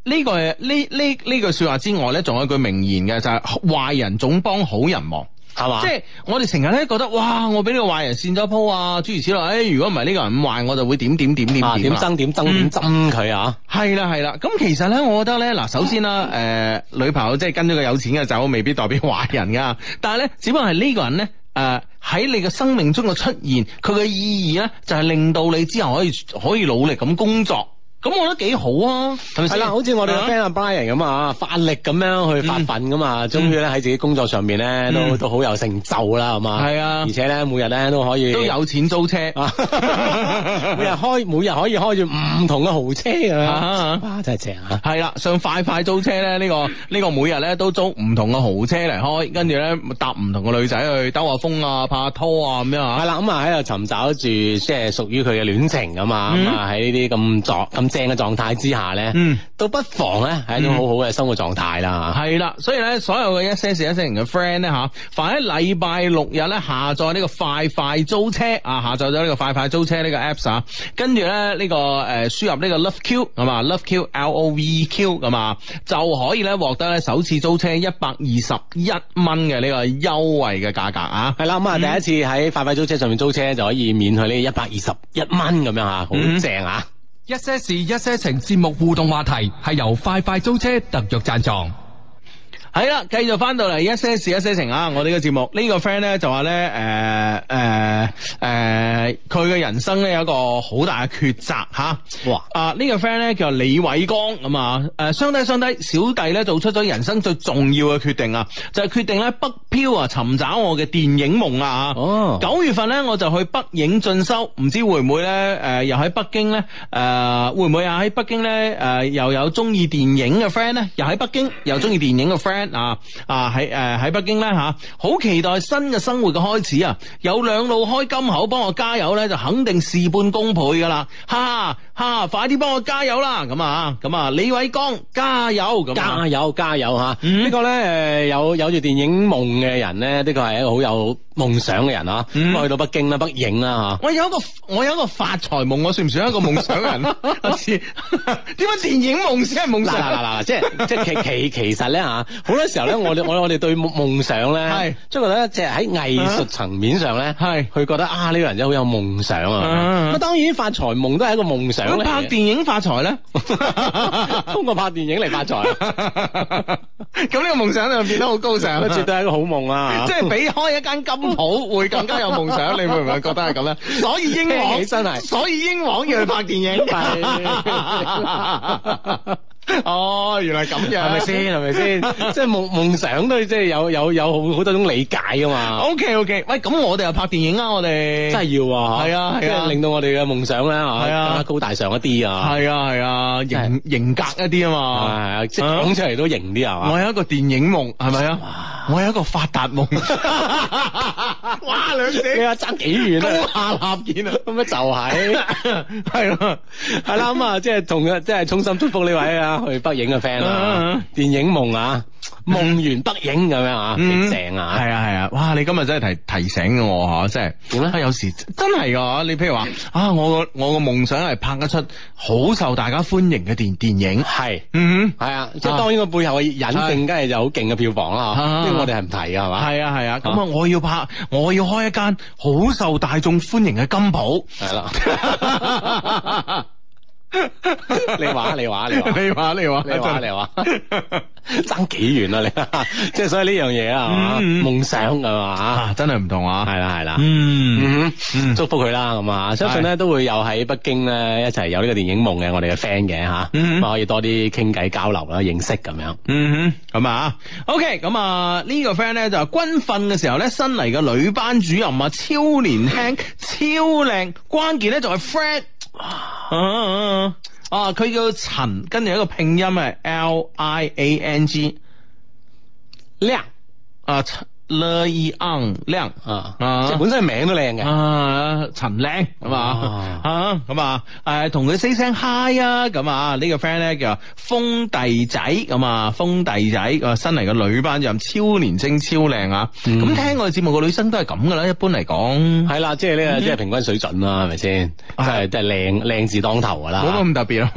呢個呢呢呢句說話之外咧，仲有一句名言嘅就係、是、壞人總幫好人忙。係嘛？即係我哋成日咧覺得，哇！我俾呢個壞人跣咗鋪啊！諸如此類。誒、哎，如果唔係呢個人咁壞，我就會點點點點點，點、啊，點爭點爭點爭佢、嗯、啊！係啦係啦。咁其實咧，我覺得咧，嗱，首先啦，誒、呃，女朋友即係跟咗個有錢嘅走，未必代表壞人噶。但係咧，只不過係呢個人咧，誒、呃，喺你嘅生命中嘅出現，佢嘅意義咧，就係、是、令到你之後可以可以努力咁工作。咁我覺得幾好啊！係啦，好似我哋嘅 Ben 啊、Brian 咁啊，發力咁樣去發奮咁啊，終於咧喺自己工作上面咧都都好有成就啦，係嘛？係啊，而且咧每日咧都可以都有錢租車，每日開每日可以開住唔同嘅豪車啊！哇，真係正啊！係啦，想快快租車咧，呢個呢個每日咧都租唔同嘅豪車嚟開，跟住咧搭唔同嘅女仔去兜下風啊、拍下拖啊咁樣啊！係啦，咁啊喺度尋找住即係屬於佢嘅戀情咁啊，咁啊喺呢啲咁作咁正嘅狀態之下呢，嗯，都不妨咧係一種好好嘅生活狀態啦。係啦、嗯，所以呢，所有嘅一些事，一些情嘅 friend 呢，吓，凡喺禮拜六日呢下載呢個快快租車啊，下載咗呢個快快租車呢個 apps 啊，跟住呢呢個誒輸入呢個 love q 係嘛，love q l o v q 係嘛，就可以咧獲得咧首次租車一百二十一蚊嘅呢個優惠嘅價格啊。係啦、嗯，咁啊，第一次喺快快租車上面租車就可以免去呢一百二十一蚊咁樣啊，好正啊！嗯一些事一些情節目互動話題係由快快租車特約贊助。係啦，繼續翻到嚟一些事一些情啊！我哋嘅節目呢、這個 friend 咧就話咧，誒誒誒，佢、呃、嘅、呃、人生咧有一個好大嘅抉擇吓。啊、哇！啊、這個、呢個 friend 咧叫李偉光咁啊，誒，相低相低，小弟咧做出咗人生最重要嘅決定啊，就係、是、決定咧北漂啊，尋找我嘅電影夢啊！哦，九月份咧我就去北影進修，唔知會唔會咧，誒、呃，又喺北京咧，誒，會唔會啊喺北京咧，誒，又有鍾意電影嘅 friend 咧，又喺北京又鍾意電影嘅 friend。嗱啊喺誒喺北京咧吓，好期待新嘅生活嘅開始啊！有兩路開金口，幫我加油咧，就肯定事半功倍噶啦！哈哈，快啲幫我加油啦！咁啊咁啊，李偉剛加油！咁加油加油吓！呢個咧有有住電影夢嘅人咧，呢個係一個好有夢想嘅人啊！去到北京啦，北影啦，我有一個我有一個發財夢，我算唔算一個夢想人啊？點解電影夢先係夢想？嗱嗱嗱，即係即係其其其實咧吓。嗰個 時候咧，我我我哋對夢想咧，係即係咧，即係喺藝術層面上咧 是，係佢覺得啊，呢個人真係好有夢想啊！咁 當然發財夢都係一個夢想嚟， 拍電影發財咧，通 過拍電影嚟發財。咁 呢 個夢想就變得好高尚， 絕對係一個好夢啊！ 即係比開一間金鋪會更加有夢想，你會唔會覺得係咁咧？ 所以英皇真係，所以英皇要去拍電影。 哦，原來咁樣，係咪先？係咪先？即係夢夢想都即係有有有好好多種理解㗎嘛。O K O K，喂，咁我哋又拍電影啦，我哋真係要啊，係啊，跟住，令到我哋嘅夢想咧啊，更加高大上一啲啊，係啊係啊，型型格一啲啊嘛，係啊，即係講出嚟都型啲啊。我有一個電影夢，係咪啊？我有一個發達夢。
哇，兩字你啊爭幾遠啊？高下
立見啊！咁啊就係，係咯，係啦，咁啊即係同即係衷心祝福呢位啊。去北影嘅 friend 啊，電影夢啊，夢完北影咁樣啊，正啊，係啊係啊，哇！你今日真係提提醒我吓，真係點咧？有時真係噶你譬如話啊，我個我個夢想係拍一出好受大家歡迎嘅電電影，係，嗯哼，係啊，即係當然個背後嘅隱性，梗係有好勁嘅票房啦吓，即係我哋係唔提嘅係嘛，係啊係啊，咁啊，我要拍，我要開一間好受大眾歡迎嘅金舖，係啦。 你話你話你話 你話你話、 啊、你話你、 嗯、話，爭幾遠啊你？即係所以呢樣嘢啊，夢想啊嘛，真係唔同啊，係啦係啦，嗯，祝福佢啦咁啊！相信咧都會有喺北京咧一齊有呢個電影夢嘅我哋嘅 friend 嘅吓，啊、嗯嗯可以多啲傾偈交流啦，認識咁樣，嗯哼、嗯，咁、嗯、啊、嗯嗯嗯、OK，咁啊、這個、呢個 friend 咧就係、軍訓嘅時候咧新嚟嘅女班主任啊，超年輕超靚，關鍵咧就係 friend。 啊！啊，佢叫陳，跟住一個拼音係 L I A N G，亮啊陳。Lily 靚，即係、uh, 本身名都靚嘅。陳靚，咁啊，咁啊，誒，同佢 say 聲 hi 啊，咁啊，呢個 friend 咧叫封弟仔，咁啊，封弟仔，啊，新嚟嘅女班任，超年青，超靚啊！咁、嗯、聽我哋節目嘅女生都係咁噶啦，一般嚟講。係啦，即係呢個即係平均水準啦，係咪先？係、like，都係靚靚字當頭噶啦。冇咁特別。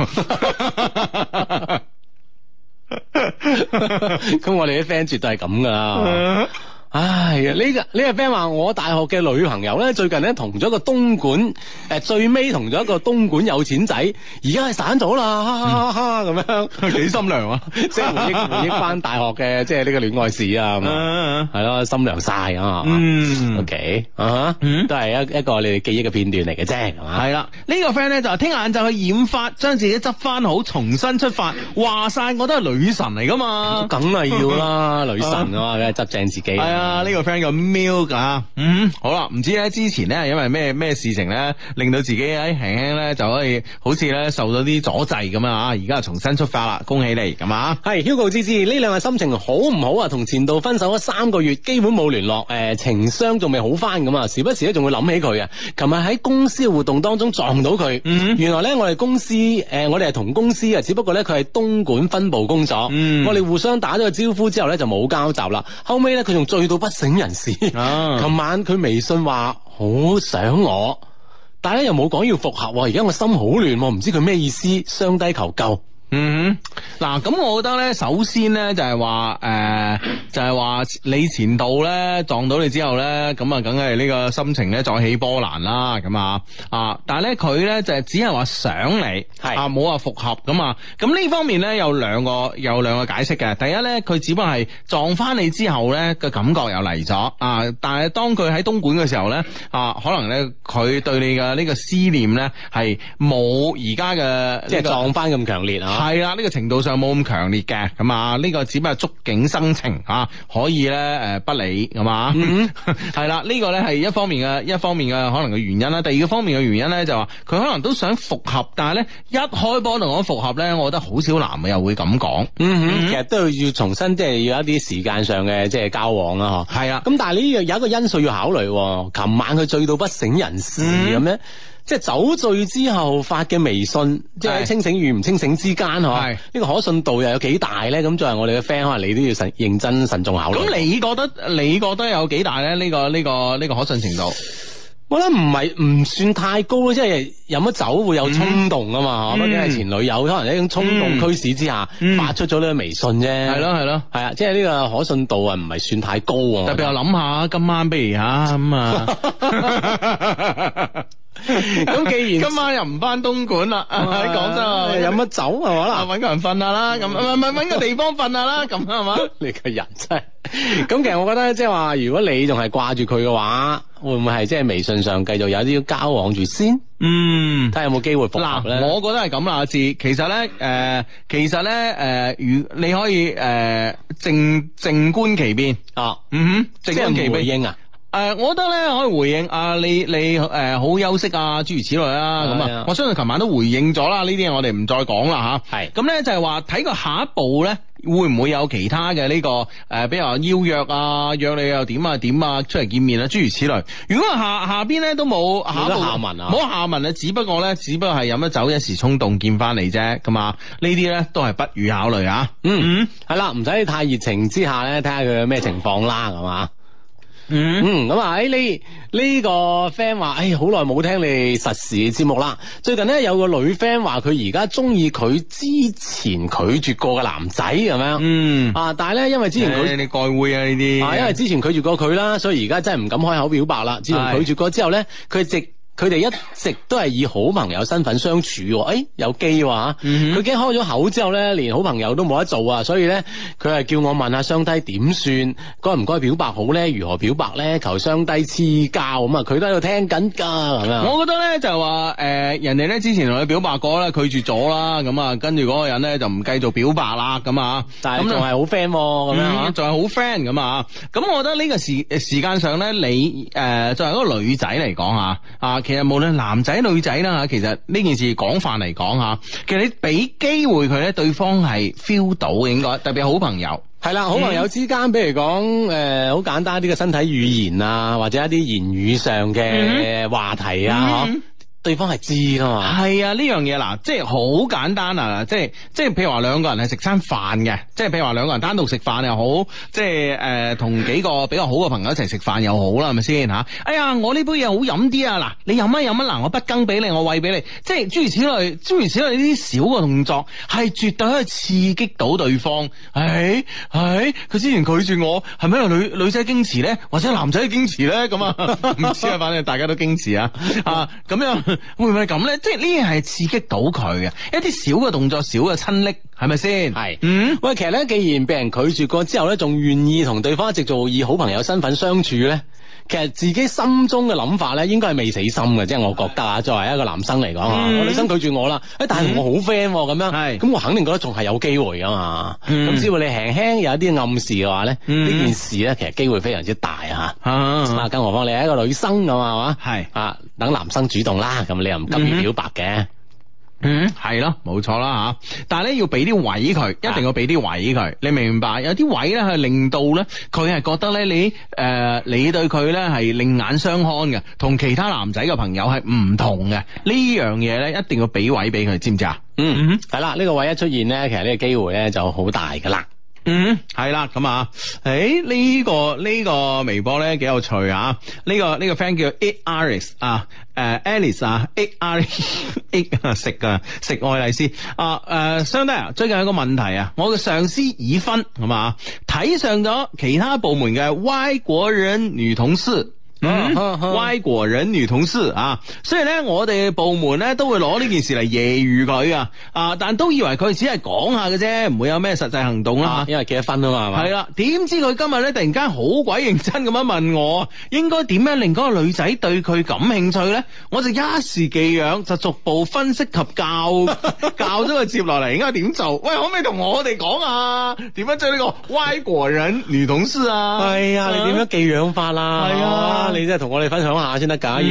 咁我哋啲 friend 絕對係咁噶。唉，呢個呢個 friend 話我大學嘅女朋友咧，最近咧同咗個東莞誒，最尾同咗一個東莞有錢仔，而家係散咗啦，咁樣幾心涼啊！即係回憶回憶翻大學嘅即係呢個戀愛史啊，係咯，心涼晒啊！嗯，OK 啊，都係一一個你哋記憶嘅片段嚟嘅啫，係嘛？係啦，呢個 friend 咧就聽日晏晝去染髮，將自己執翻好，重新出發。話晒我都係女神嚟噶嘛，梗係要啦，女神啊，嘛，梗係執正自己。嗯、k，啊！呢個 friend 個 milk 啊，嗯，好啦，唔知咧之前咧，因為咩咩事情咧，令到自己喺輕輕咧就可以好似咧受咗啲阻滯咁啊，而家又重新出發啦，恭喜你咁啊！係 Hugo 芝芝呢兩日心情好唔好啊？同前度分手咗三個月，基本冇聯絡，誒、呃，情傷仲未好翻咁啊，時不時咧仲會諗起佢啊。琴日喺公司嘅活動當中撞到佢，嗯、原來咧我哋公司誒、呃，我哋係同公司啊，只不過咧佢係東莞分部工作，嗯、我哋互相打咗個招呼之後咧就冇交集啦。後尾咧佢仲最到不省人事。啊，琴 晚佢微信話好想我，但係咧又冇講要復合。而家我心好亂，唔知佢咩意思，雙低求救。嗯哼，嗱咁，我覺得咧，首先咧就係話，誒、呃，就係、是、話你前度咧撞到你之後咧，咁啊，梗係呢個心情咧再起波瀾啦，咁啊啊，但係咧佢咧就係只係話想你，係是啊，冇話復合噶嘛。咁呢方面咧有兩個有兩個解釋嘅。第一咧，佢只不過係撞翻你之後咧嘅感覺又嚟咗啊，但係當佢喺東莞嘅時候咧啊，可能咧佢對你嘅呢個思念咧係冇而家嘅即係撞翻咁強烈啊。係啦，呢、呢個程度上冇咁強烈嘅，咁啊，呢個只不過觸景生情啊，可以咧誒、呃、不理，咁啊係啦，呢、嗯哼 呢個咧係一方面嘅一方面嘅可能嘅原因啦。第二個方面嘅原因咧就話、是、佢可能都想複合，但係咧一開波同我複合咧，我覺得好少男嘅又會咁講。嗯，哼嗯哼其實都要重新即係要一啲時間上嘅即係交往啦，嗬的。係啊，咁但係呢樣有一個因素要考慮，琴晚佢醉到不省人事嘅咩？嗯即係酒醉之後發嘅微信，即係清醒與唔清醒之間，嗬？呢個可信度又有幾大咧？咁作為我哋嘅 friend，可能你都要慎認真慎重考慮。咁你覺得你覺得有幾大咧？呢個呢個呢個可信程度？我覺得唔係唔算太高，即係飲咗酒會有衝動噶嘛？畢竟係前女友，可能一種衝動驅使之下發出咗呢個微信啫。係咯係咯，係啊！即係呢個可信度啊，唔係算太高啊。特別我諗下今晚，不如吓咁啊。咁既然今晚又唔翻東莞啦，喺廣州飲乜酒係嘛？揾 個人瞓下啦，咁唔係揾個地方瞓下啦，咁係嘛？ 你個人真係，咁其實我覺得即係話，如果你仲係掛住佢嘅話，會唔會係即係微信上繼續有啲交往住先？嗯，睇下有冇機會復合咧。我覺得係咁啦，阿志。其實咧，誒、呃，其實咧，誒、呃，如你可以誒，靜靜觀其變啊。嗯哼，靜觀其變。英啊？誒，uh, 我覺得咧可以回應啊、uh,，你你誒、uh, 好休息啊，諸如此類啦。咁啊是的，我相信琴晚都回應咗啦，呢啲嘢我哋唔再講啦吓。係咁咧，就係話睇佢下一步咧，會唔會有其他嘅呢、這個誒、呃，比如話邀約啊，約你又點啊點啊出嚟見面啊，諸如此類。如果下下邊咧都冇下，下文啊，冇下文啊，只不過咧，只不過係飲咗酒一時衝動見翻你啫，咁啊，呢啲咧都係不予考慮啊。嗯，係、嗯、啦，唔使、嗯、太熱情之下咧，睇下佢有咩情況啦，咁嘛。Mm hmm. 嗯，咁啊，喺呢呢個 friend 話，誒，好耐冇聽你實時嘅節目啦。最近咧，有個女 friend 話佢而家中意佢之前拒絕過嘅男仔咁樣。嗯、mm，hmm. 啊，但係咧，因為之前佢、欸，你該會啊呢啲，啊，因為之前拒絕過佢啦，所以而家真係唔敢開口表白啦。自從拒絕過之後咧，佢唉直。佢哋一直都係以好朋友身份相處喎、哎，有機喎嚇，佢驚、mm hmm. 開咗口之後咧，連好朋友都冇得做啊，所以咧，佢係叫我問下雙低點算，該唔該表白好咧？如何表白咧？求雙低賜教咁啊！佢都喺度聽緊㗎咁啊！我覺得咧就係話誒，人哋咧之前同佢表白過咧，拒絕咗啦，咁啊跟住嗰個人咧就唔繼續表白啦，咁啊但係咁仲係好 friend 咁樣，仲係但是 就好 friend 咁啊！咁、嗯、我覺得呢個時時間上咧，你誒、呃、作為一個女仔嚟講啊啊～啊啊啊啊啊啊其實無論男仔女仔啦，其實呢件事廣泛嚟講吓，其實你俾機會佢咧，對方係 feel 到應該特別好朋友係啦， 好朋友之間，比如講誒，好、呃、簡單啲嘅身體語言啊，或者一啲言語上嘅話題 啊， 對方係知噶嘛？係啊，呢樣嘢嗱，即係好簡單啊！即係即係，譬如話兩個人係食餐飯嘅，即係譬如話兩個人單獨食飯又好，即係誒同幾個比較好嘅朋友一齊食飯又好啦，係咪先吓？哎呀，我呢杯嘢好飲啲啊！嗱，你飲乜飲乜嗱，我不更俾你，我喂俾你，即係諸如此類，諸如此類呢啲小嘅動作係絕對可以刺激到對方。哎哎，佢之前拒絕我，係咪因女女仔矜持咧，或者男仔矜持咧咁啊？唔 知啊，反正大家都矜持啊，啊咁樣。 會唔會咁咧？即係呢樣，係刺激到佢嘅一啲小嘅動作、小嘅親昵，係咪先？係是，嗯，喂，其實咧，既然俾人拒絕過之後咧，仲願意同對方一直做以好朋友身份相處咧？其實自己心中嘅諗法咧，應該係未死心嘅，即係我覺得啊，作為一個男生嚟講，我、mm hmm. 女生拒絕我啦，誒、哎，但係我好 friend 咁樣，咁、mm hmm. 我肯定覺得仲係有機會噶嘛，咁、mm hmm. 只要你輕輕有一啲暗示嘅話咧，呢、mm hmm. 件事咧其實機會非常之大吓，mm hmm. 啊，更何況你係一個女生咁啊嘛，係、mm hmm. 啊，等男生主動啦，咁你又唔急於表白嘅。Mm hmm. 嗯，係咯、mm，冇、hmm. 錯啦吓，但係咧，要俾啲位佢，一定要俾啲位佢，你明唔明白？有啲位咧，係令到咧，佢係覺得咧，你、呃、誒，你對佢咧係另眼相看嘅，同其他男仔嘅朋友係唔同嘅。呢樣嘢咧，一定要俾位俾佢，知唔知啊？嗯、mm hmm. 嗯，係啦，呢、這個位一出現咧，其實呢個機會咧就好大噶啦。嗯、mm，係、hmm. 啦，咁啊，誒、哎，呢、這個呢、這個微博咧幾有趣啊？呢、這個呢、這個 friend 叫 Iris 啊。誒、uh, Alice A、R e A G、 啊，A R A 食噶食愛麗絲、uh, uh, 啊誒 s h e d o n 最近有個問題啊，我嘅上司已婚，係嘛啊，睇上咗其他部門嘅外國人女同事。嗯，歪國人女同事啊，雖然咧我哋部門咧都會攞呢件事嚟揶揄佢啊，啊，但都以為佢只係講下嘅啫，唔會有咩實際行動啦，因為記得分啊嘛，係咪係啦，點知佢今日咧突然間好鬼認真咁樣問我，應該點樣令嗰個女仔對佢感興趣咧？我就一時寄養，就逐步分析及教教咗佢接落嚟應該點做。喂，可唔可以同我哋講啊？點樣追呢個歪國人女同事啊？係啊，你點樣寄養法啦？係啊。你真係同我哋分享下先得噶，要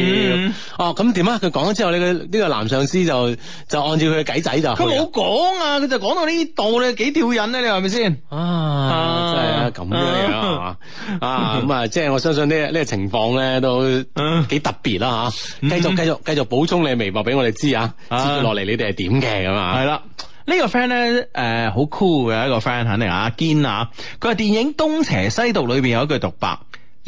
哦咁點啊？佢講咗之後，呢個呢個男上司就就按照佢嘅計仔就佢冇講啊，佢就講到呢度你幾吊癮啊？你話係咪先啊？真係啊，咁樣啊，啊咁啊，啊，即係我相信呢呢個情況咧都幾特別啦吓。繼續繼續繼續補充你微博俾我哋知道啊，接落嚟你哋係點嘅咁啊？係啦、啊啊，這個、呢個 friend 咧誒，好 cool 嘅一個 friend，肯定啊堅啊，佢、啊、話、啊啊、電影東西西《東邪西毒》裏邊有一句獨白。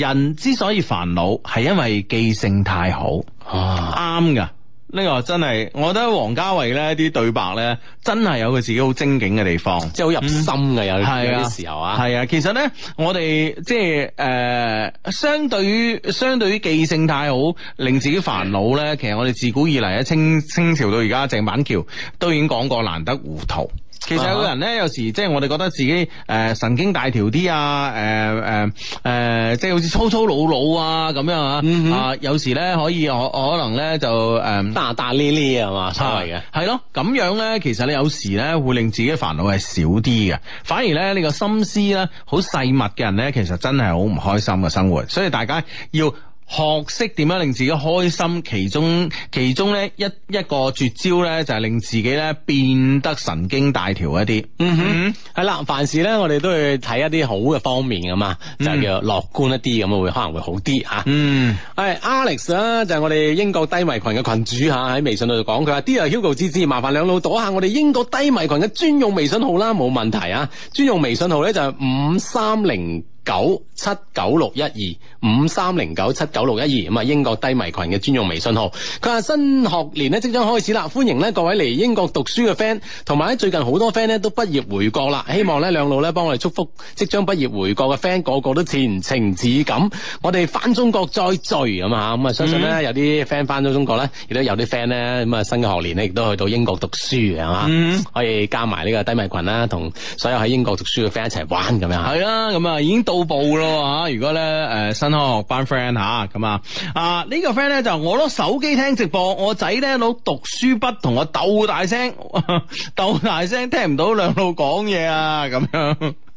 人之所以煩惱，係因為記性太好。啱噶、啊，呢、這個真係，我覺得王家衛呢啲對白呢，真係有佢自己好精警嘅地方，嗯、即係好入心嘅、嗯、有、啲、啊、時候啊，係啊，其實呢，我哋即係、呃、相對於相對於記性太好，令自己煩惱呢。其實我哋自古以嚟，清清朝到而家鄭板橋都已經講過難得糊塗。其實有個人咧，uh huh. 有時即係、就是、我哋覺得自己誒、呃、神經大條啲、呃呃呃、啊，誒誒誒，即係好似粗粗魯魯啊咁樣啊，啊、呃、有時咧可以可可能咧就誒大大咧咧啊嘛，係嘅，係咯，咁樣咧其實你有時咧會令自己煩惱係少啲嘅，反而咧呢個心思咧好細密嘅人咧，其實真係好唔開心嘅生活，所以大家要。學識點樣令自己開心，其中其中咧一一個絕招咧就係、是、令自己咧變得神經大條一啲。嗯哼，係啦，凡事咧我哋都要睇一啲好嘅方面噶嘛，嗯、就叫樂觀一啲咁啊，會可能會好啲吓。啊、嗯，係 Alex 啊，就係我哋英國低迷群嘅群主吓，喺微信度講，佢話 Dear Hugo 之之，麻煩兩老躲下我哋英國低迷群嘅專用微信號啦，冇問題啊。專用微信號咧就係五三零。九七九六一二五三零九七九六一二，咁啊英國低迷群嘅專用微信號。佢話新學年咧即將開始啦，歡迎咧各位嚟英國讀書嘅 friend，同埋咧最近好多 friend 咧都畢業回國啦，希望咧兩路咧幫我哋祝福即將畢業回國嘅 friend 個個都前程似錦，我哋翻中國再聚咁啊，咁啊、嗯、相信咧有啲 friend 翻咗中國咧，亦都有啲 friend 咧咁啊新嘅學年咧亦都去到英國讀書係嘛，嗯、可以加埋呢個低迷群啦，同所有喺英國讀書嘅 friend 一齊玩咁樣。係啊，咁啊已經到。好報咯吓！如果咧，誒、呃，新開學班 friend 吓咁啊，啊、這個、呢個 friend 咧就是、我攞手機聽直播，我仔聽到讀書筆同我鬥大聲，鬥 大聲，聽唔到兩路講嘢啊咁樣。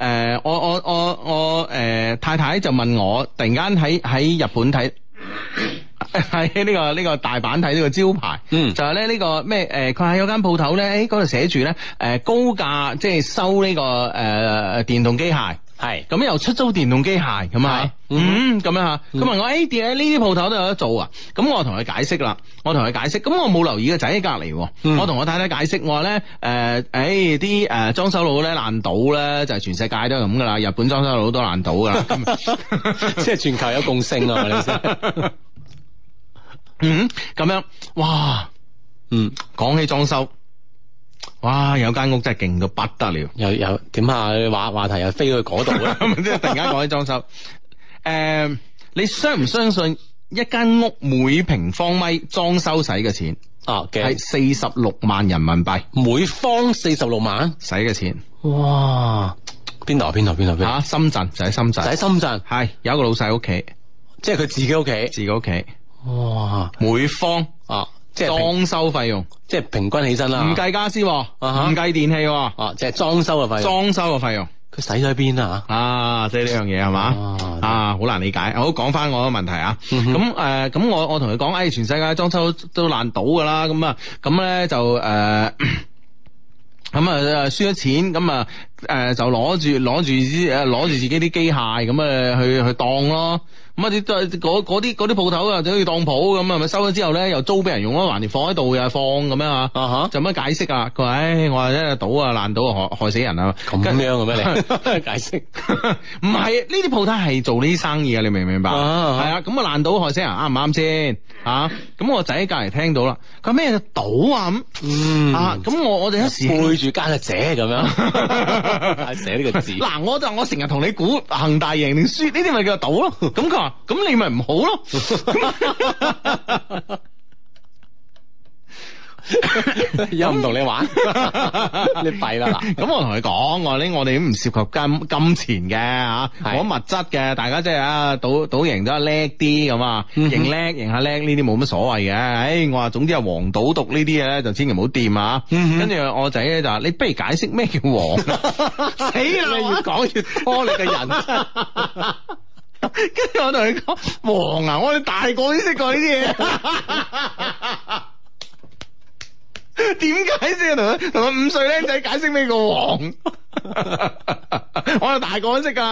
誒、呃、我我我我誒、呃、太太就問我，突然間喺喺日本睇喺呢個呢個大阪睇呢個招牌，嗯，就係咧呢個咩誒佢係有間鋪頭咧，誒度寫住咧誒高價即係收呢個誒誒、呃、電動機械。係，咁是又出租電動機械咁啊，是嗯，咁樣吓，咁、嗯、問我誒，點解呢啲鋪頭都有得做啊？咁我同佢解釋啦，我同佢解釋，咁我冇留意個仔喺隔籬，嗯、我同我太太解釋，我話咧，誒、呃，誒、哎，啲誒裝修佬咧爛賭咧，就係、是、全世界都係咁噶啦，日本裝修佬都爛賭噶啦， 即係全球有共性啊，嘛，你嗯，咁樣，哇，嗯，講起裝修。哇！有間屋真係勁到不得了，又又點啊？話話題又飛去嗰度啦，即係 突然間講起裝修。誒， uh, 你相唔相信一間屋每平方米裝修使嘅錢啊，係四十六萬人民幣，每方四十六萬使嘅錢。哇！邊度、啊？邊度、啊？邊度、啊？吓，深圳就喺深圳，就喺深圳係 有一個老細屋企，即係佢自己屋企，自己屋企。哇！每方啊～即係裝修費用，即係平均起身啦。唔計家私，唔計、uh huh. 電器，哦、uh，即係裝修嘅費用。裝修嘅費用，佢使咗喺邊啊？吓啊，即係呢樣嘢係嘛？啊，好難理解。好，講翻我個問題啊。咁誒、uh，咁、huh. 呃、我我同佢講，誒、哎，全世界裝修都難倒噶啦。咁啊，咁咧就誒，咁啊輸咗錢，咁啊誒就攞住攞住誒攞住自己啲機械，咁啊去去，去，去當咯。乜啲嗰啲嗰啲鋪頭啊，等於當鋪咁啊，收咗之後咧又租俾人用咯，橫掂放喺度又放咁樣啊，就乜解釋啊？佢話唉，我話咧賭啊，爛賭啊，害害死人啊！咁樣嘅咩？ 解釋釋？唔係， 呢啲鋪頭係做呢啲生意啊，你明唔明白？係啊，咁啊爛賭害死人啱唔啱先？吓，咁我仔隔籬聽到啦，佢咩賭啊？咁，啊，咁我我哋一時背住家嘅者咁樣，寫呢個字。嗱， 我,我,我常常就我成日同你估恒大贏定輸，呢啲咪叫賭咯？咁佢話。咁你咪唔好咯，又唔同你玩，你弊啦。咁我同佢講，我啲我哋都唔涉及金金錢嘅吓，講物質嘅，大家即係啊賭賭贏都係叻啲咁啊，認叻認下叻呢啲冇乜所謂嘅。誒，我話總之係黃賭毒呢啲嘢咧，就千祈唔好掂啊。跟住我仔咧就話，你不如解釋咩叫黃？死啦！越講越拖你嘅人。跟住我同你講黃啊！我哋大個先識講 呢啲嘢，點解先同同個五歲僆仔解釋咩叫黃？ 我哋大、哎哎、 個先識噶，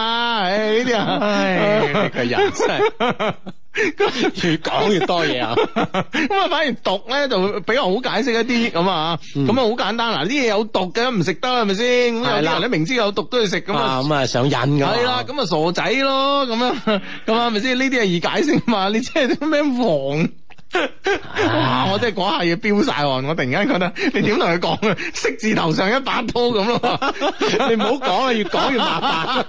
呢啲人唉，個人真係。 越講越多嘢啊！咁啊，反而毒咧就比較好解釋一啲咁啊，咁啊好簡單嗱，呢嘢有毒嘅唔食得係咪先？咁的有啲人明知有毒都要食咁嘛。咁啊上癮咁啊，係、嗯、啦，咁啊傻仔咯咁樣，咁啊係咪先？呢啲係易解釋嘛？你即係咩黃？ 哇！我真係講下嘢飆晒汗，我突然間覺得你點同佢講啊？ 識字頭上一把刀咁咯，你唔好講啊！越講越麻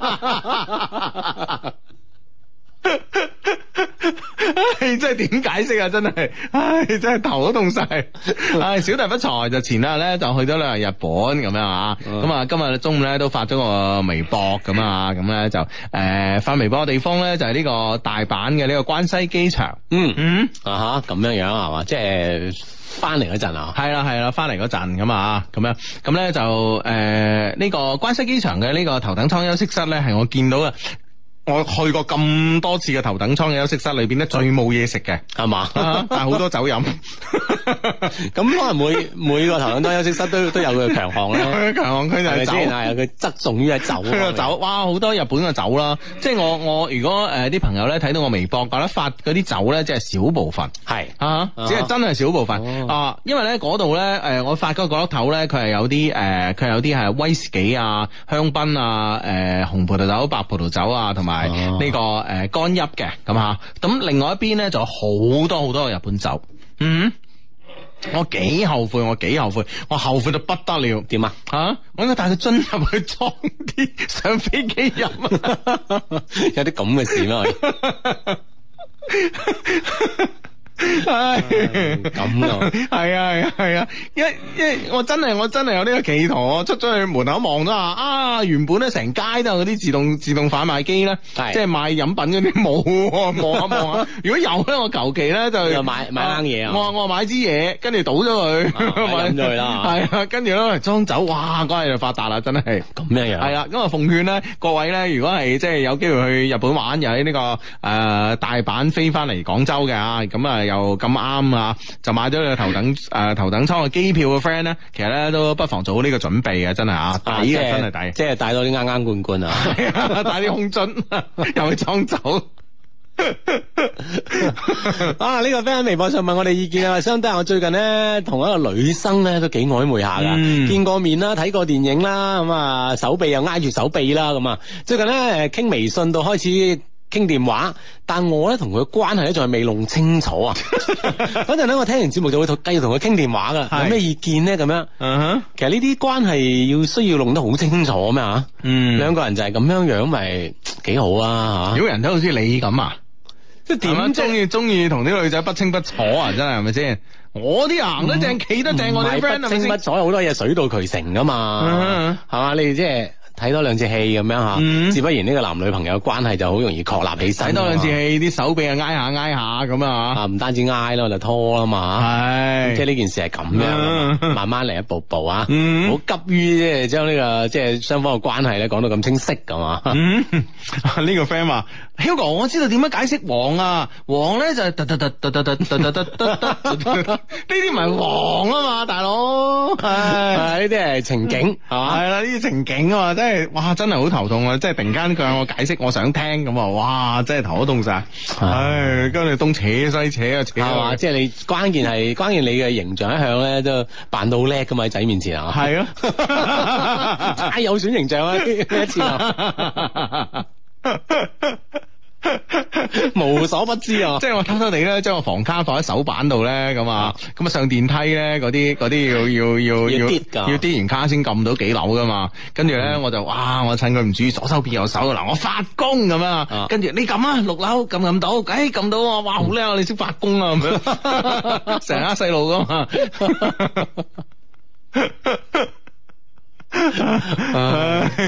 煩。 真係點解釋啊！真係，唉，真係頭都痛晒。唉， 小弟不才，就前兩日咧就去咗兩日日本咁樣啊。咁啊，今日中午咧都發咗個微博咁啊，咁咧就誒、呃、發微博嘅地方咧就係、是、呢個大阪嘅呢個關西機場。嗯嗯啊吓，咁樣樣係嘛？即係翻嚟嗰陣啊？係啦係啦，翻嚟嗰陣咁啊，咁樣咁咧就誒呢、呃呢個關西機場嘅呢個頭等艙休息室咧係我見到啊。我去過咁多次嘅頭等艙嘅休息室裏邊咧吧，最冇嘢食嘅係嘛，但係好多酒飲。咁可能每每個頭等艙休息室都都有佢嘅強項咧，強項區就係，係咪先佢側重於喺酒。個酒、酒，哇，好多日本嘅酒啦。即係我我如果誒啲、呃、朋友咧睇到我微博，我覺得發嗰啲酒咧，即、就、係、是、小部分，係是啊，只係真係小部分啊、啊。因爲咧嗰度咧，誒，我發嗰個角落頭咧，佢係有啲誒，佢、呃、有啲係威士忌啊、香檳啊、誒、呃、紅葡萄酒、白葡萄酒啊，同埋。呢、啊這個誒、呃、干邑嘅咁吓，咁、啊、另外一邊咧就有好多好多嘅日本酒。嗯，我幾後悔，我幾後悔，我後悔到不得了。點啊？吓、啊！我應該帶個樽入去裝啲上飛機飲啊！有啲咁嘅事咩？ 唉，咁、哎、啊，係啊，係啊，係啊，因為因為我真係我真係有呢個企圖，我出咗去門口望咗下，啊，原本咧成街都有嗰啲自動自動販賣機咧，即係賣飲品嗰啲冇，望一望 如果有咧，我求其咧就是、買買啲嘢、啊，我我買支嘢，跟住倒咗佢，係啦，係啊，跟住咧裝酒，哇，嗰日就發達啦，真係，咁樣樣，係啦，咁啊奉勸咧各位咧，如果係即係有機會去日本玩，又喺呢、呢個誒、呃、大阪飛翻嚟廣州嘅啊，咁啊、嗯。又咁啱啊！就買咗個頭等誒、呃、頭等艙嘅機票嘅 friend 咧，其實咧都不妨做好呢個準備啊。真係啊！抵啊，真係抵，即係帶多啲啱啱罐罐，啊！帶啲空樽又去裝酒啊！呢個 friend 喺微博上問我哋意見啊， 相當我最近咧同一個女生咧都幾曖昧下噶，嗯、見過面啦，睇過電影啦，咁啊手臂又挨住手臂啦，咁啊最近咧誒傾微信到開始。傾電話，但我咧同佢關係咧仲係未弄清楚啊！嗰陣咧我聽完節目就會繼續同佢傾電話噶，是有咩意見咧咁樣？其實呢啲關係要需要弄得好清楚咩吓？兩、嗯、個人就係咁樣，樣樣，咪幾好啊吓？如果人都好似你咁啊，即係點中意中意同啲女仔不清不楚啊？真係係咪先？我啲行得正企得正，我啲 friend 係咪先？嗯、不，不清不楚，有好多嘢水到渠成噶嘛，係嘛、啊？你哋即係。睇多兩次戲咁樣嚇，自不然呢個男女朋友關係就好容易確立起身。睇多兩次戲，啲手臂啊挨下挨下咁啊嚇。啊，唔單止挨咯，就拖啦嘛。係，即係呢件事係咁樣，慢慢嚟一步步啊，唔好急於即係將呢個即係雙方嘅關係咧講到咁清晰，係啊。呢個 friend 話，Hugo，我知道點樣解釋黃啊，黃咧就係呢啲唔係黃啊嘛，大佬。係，呢啲係情景係嘛？係啦，呢啲情景啊嘛，即係哇，真係好頭痛啊！即係突然間佢向我解釋，我想聽咁啊，哇，真係頭都凍晒，唉，啊、跟住東扯西扯，扯啊，係嘛、啊，吧即係你關鍵係、嗯、關鍵你嘅形象一向咧都扮到叻噶喺仔面前是啊，係啊，太有損形象啊，呢一次呢。 無所不知啊！ 即係我偷偷地咧，將個房卡放喺手板度咧，咁啊，咁啊上電梯咧，嗰啲嗰啲要要要要要啲完卡先撳到幾樓噶嘛？跟住咧我就哇！我趁佢唔注意，左手變右手嗱，我發功咁啊！跟住你撳啊六樓，撳撳到，哎撳到，哇好叻啊！你識發功啊？咁樣成家細路咁啊！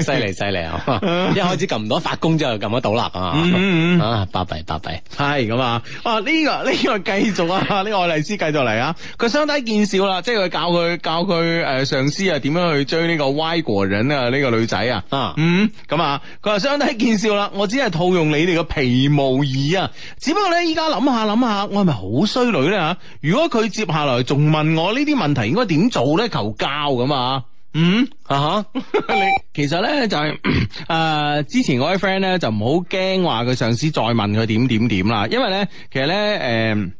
犀利犀利啊！啊 一開始撳唔到，發功之後就撳得到啦啊！啊，巴閉巴閉，係咁啊！哇，呢個呢個繼續啊！呢 個愛麗斯繼續嚟啊！佢相低見笑啦、啊，即係教佢教佢誒、呃、上司啊，點樣去追呢個歪國人啊？呢、這個女仔啊，嗯咁啊！佢話相低見笑啦、啊，我只係套用你哋個皮毛爾啊！只不過咧，依家諗下諗下，我係咪好衰女咧吓？如果佢接下來仲問我呢啲問題，應該點做咧？求教咁啊！嗯啊吓，uh huh? 你其實咧就係、是、誒、 呃，之前 𠮶 位 friend 咧就唔好驚話佢上司再問佢點點點啦，因為咧其實咧誒。呃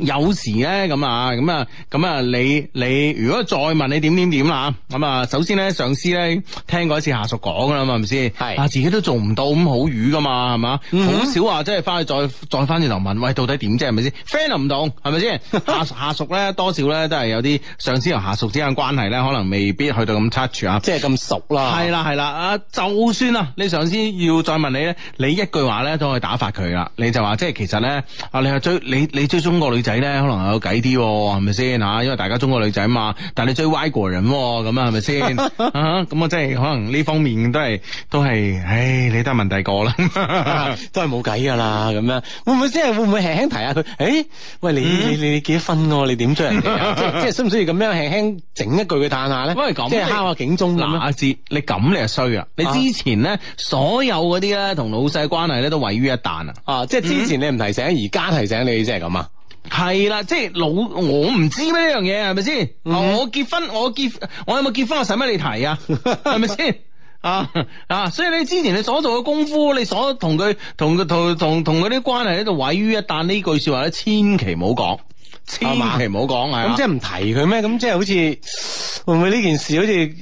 有時咧咁啊，咁啊，咁啊，你你如果再問你點點點啦，咁啊，首先咧上司咧聽過一次下屬講㗎啦嘛，係咪先？係。但自己都做唔到咁好語噶嘛，係嘛？好少話，即係翻去再再翻轉頭問，喂，到底點啫？係咪先？friend 又唔同，係咪先？下下屬咧多少咧都係有啲上司同下屬之間關係咧，可能未必去到咁密切啊。即係咁熟啦。係啦，係啦，啊，就算啊，你上司要再問你咧，你一句話咧都可以打發佢啦。你就話即係其實咧啊，你係追你你追中國女。仔咧可能有計啲係咪先吓？因為大家中國女仔嘛，但係你追歪國人咁啊，係咪先？咁啊，即係可能呢方面都係都係，唉，你得問第二個啦，都係冇計噶啦，咁樣會唔會即係會唔會輕輕提下佢？誒，喂，你你你幾多分㖏？你點追人哋啊？即係需唔需要咁樣輕輕整一句佢嘆下咧？即係敲下警鐘嗱，阿志，你咁你啊衰啊！你之前咧所有嗰啲咧同老細關係咧都毀於一旦啊！啊，即係之前你唔提醒，而家提醒你即係咁啊？係啦，即係老我唔知咩呢樣嘢，係咪先？我結婚，我結我有冇結婚，我使乜你提啊？係咪先？啊啊！所以你之前你所做嘅功夫，你所同佢同佢同同同佢啲關係喺度毀於一旦呢句說話咧，千祈唔好講，千祈唔好講係。咁即係唔提佢咩？咁即係好似會唔會呢件事好似？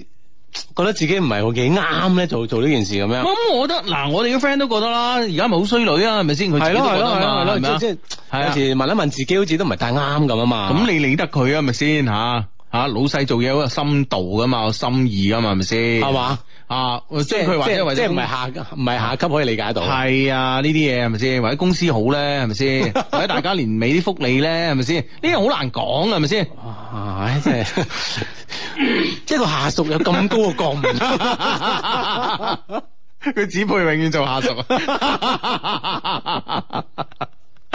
覺得自己唔係好幾啱咧做做呢件事咁樣。咁、嗯、我覺得嗱，我哋啲 friend 都覺得啦，而家咪好衰女啊，係咪先？係咯係咯係咯，即係即係，有時問一問自己，好似都唔係太啱咁啊嘛。咁、嗯、你理得佢啊？咪先吓吓，老細做嘢好有深度噶嘛，有心意噶嘛，係咪先？係嘛。啊！即係即係或者即係唔係下唔係、嗯、下級可以理解到？係啊，呢啲嘢係咪先？或者公司好咧，係咪先？ 或者大家年尾啲福利咧，係咪先？呢樣好難講啊，係咪先？啊！真係，即係 個下屬有咁高嘅覺悟，佢 只配永遠做下屬。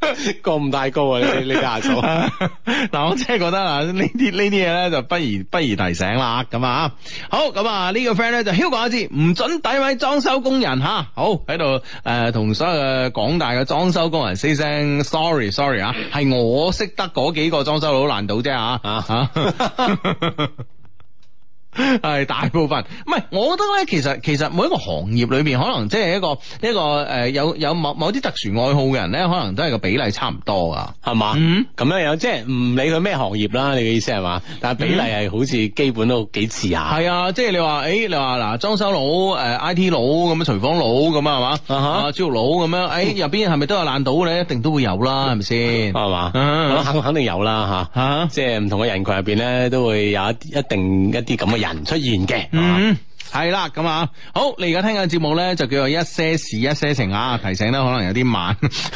大個唔太高啊，呢家阿嫂。嗱， 但我真係覺得啊，呢啲呢啲嘢咧就不宜不宜提醒啦，咁啊。好，咁啊、這個、呢個 friend 咧就囂講一次，唔准詆毀裝修工人吓、啊。好喺度誒，同、呃、所有嘅廣大嘅裝修工人 say 聲 sorry，sorry 啊，係我識得嗰幾個裝修佬難到啫啊啊。啊 係 大部分，唔係我覺得咧，其實其實每一個行業裏邊，可能即係一個一個誒，有有某某啲特殊愛好嘅人咧，可能都係個比例差唔多啊，係嘛吧，咁樣樣即係唔理佢咩行業啦，你嘅意思係嘛？但係比例係好似基本都幾似啊。係、嗯、 啊，即係你話誒、哎，你話嗱，裝修佬、誒 I T 佬咁樣，廚房佬咁、uh huh. 啊，係嘛，豬肉佬咁樣，誒入邊係咪都有爛到咧？一定都會有啦，係咪先？係嘛，我諗肯肯定有啦吓，啊 uh huh. 即係唔同嘅人群入邊咧，都會有一一定一啲咁嘅人人出現嘅。嗯。係啦，咁啊，好，你而家聽緊節目咧就叫做一些事一些情啊，提醒咧可能有啲慢，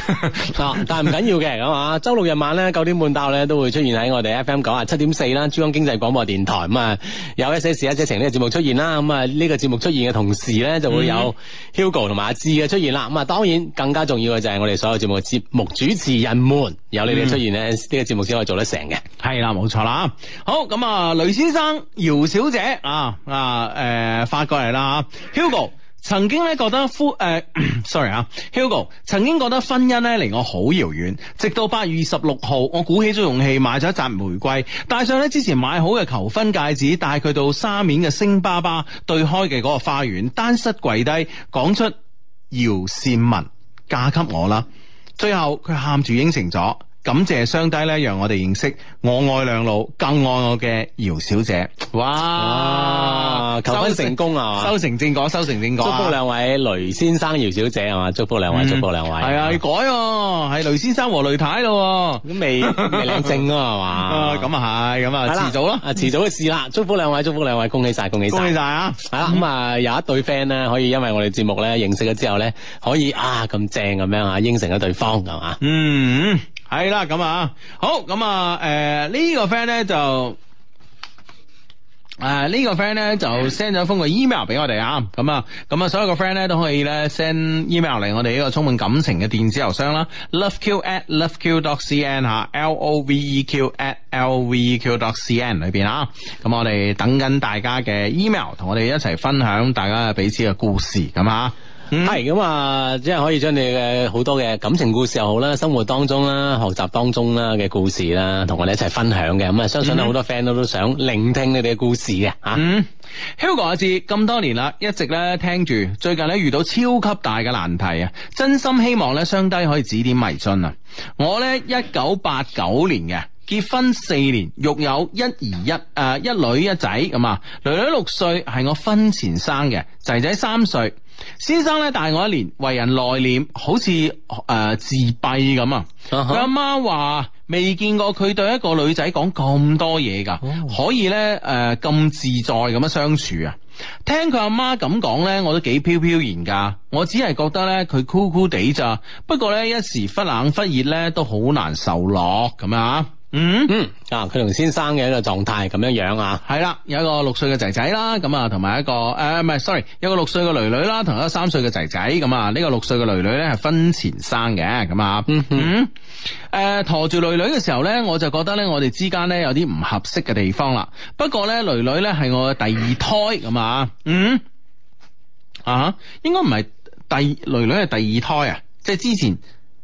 啊，但係唔緊要嘅，咁啊，周六日晚咧九點半到咧都會出現喺我哋 F M 九啊七點四啦，珠江經濟廣播電台咁啊，有一些事一些情呢個節目出現啦，咁啊呢個節目出現嘅同時咧就會有 Hugo 同埋阿志嘅出現啦，咁啊當然更加重要嘅就係我哋所有節目嘅節目、節目主持人們有你哋出現咧，呢、嗯、個節目先可以做得成嘅。係啦，冇錯啦，好，咁啊，雷先生、姚小姐啊啊誒。啊啊啊啊發過嚟啦，Hugo 曾經咧覺得夫誒、呃、 ，sorry 啊，Hugo 曾經覺得婚姻咧離我好遙遠，直到八月二十六號，我鼓起咗勇氣買咗一扎玫瑰，帶上咧之前買好嘅求婚戒指，帶佢到沙面嘅星巴巴對開嘅嗰個花園，單膝跪低講出姚善文嫁給我啦，最後佢喊住應承咗。感謝雙低咧，讓我哋認識我愛兩老更愛我嘅姚小姐。哇！求婚成功啊！收成正果，收成正果。祝福兩位雷先生、姚小姐係嘛？祝福兩位，祝福兩位。係啊，要改哦，係雷先生和雷太咯，都未未領證啊，係嘛？咁啊係，咁啊遲早咯，啊遲早嘅事啦。祝福兩位，祝福兩位，恭喜晒，恭喜晒，恭喜晒啊！係啦，咁啊有一對 friend 咧，可以因為我哋節目咧認識咗之後咧，可以啊咁正咁樣啊應承咗對方係嘛？嗯。係啦，咁啊，好，咁啊，誒、呃，這個、呢、呃這個 friend 咧就誒，呢個 friend 咧就 send 咗封個 email 俾我哋啊，咁啊，咁啊，所有個 friend 咧都可以咧 send email 嚟我哋呢個充滿感情嘅電子郵箱啦，loveq@loveq.cn 吓，l o v e q@l o v e q.cn 裏邊啊，咁、啊 e e 啊啊、我哋等緊大家嘅 email，同我哋一齊分享大家嘅彼此嘅故事，咁啊。係咁啊，即係，mm hmm. 可以將你嘅好多嘅感情故事又好啦，生活當中啦，學習當中啦嘅故事啦，同我哋一齊分享嘅。咁啊，相信咧好多 friend 都都想聆聽你哋嘅故事嘅吓。Hugo 阿志，咁，hmm. 啊嗯、多年啦，一直咧聽住，最近咧遇到超級大嘅難題啊，真心希望咧雙低可以指點迷津啊。我咧一九八九年嘅。結婚四年，育有一兒一誒，一女一仔咁啊。女女六歲係我婚前生嘅，仔仔三歲。先生咧大我一年，為人內斂，好似誒、呃、自閉咁啊。佢阿媽話未見過佢對一個女仔講咁多嘢噶，oh. 可以咧誒咁自在咁樣相處啊。聽佢阿媽咁講咧，我都幾飄飄然噶。我只係覺得咧佢酷酷哋咋，不過咧一時忽冷忽熱咧都好難受落咁啊。嗯嗯啊，佢同先生嘅一個狀態咁樣樣啊，係啦，有一個六歲嘅仔仔啦，咁啊，同埋一個誒，唔係，sorry，有個六歲嘅女女啦，同一個三歲嘅仔仔咁啊。呢個六歲嘅女女咧係婚前生嘅咁啊。嗯哼，誒、嗯，馱住女女嘅時候咧，我就覺得咧，我哋之間咧有啲唔合適嘅地方啦。不過咧，女女咧係我嘅第二胎咁啊。嗯啊，應該唔係第女女係第二胎啊，即係之前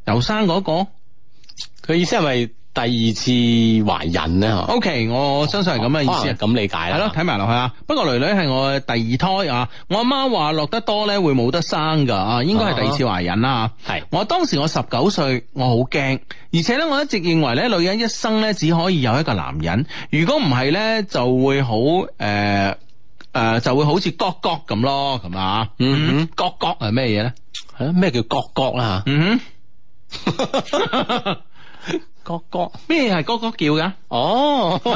由生嗰個佢意思係咪？第二次懷孕呢？o、okay, K，我相信係咁嘅意思，咁、啊啊、理解啦。係咯，睇埋落去啊。不過女女係我第二胎啊。我阿媽話落得多呢會冇得生噶啊，應該係第二次懷孕啦、啊。係、啊啊啊，我當時我十九歲，我好驚，而且呢，我一直認為咧女人一生呢只可以有一個男人，如果唔係呢，就會好誒誒就會好似角角咁咯，咁嘛？嗯哼，角角係咩嘢呢？咩叫角角啊？嗯哼。 哥哥咩？係哥哥叫嘅、。 哦？哦，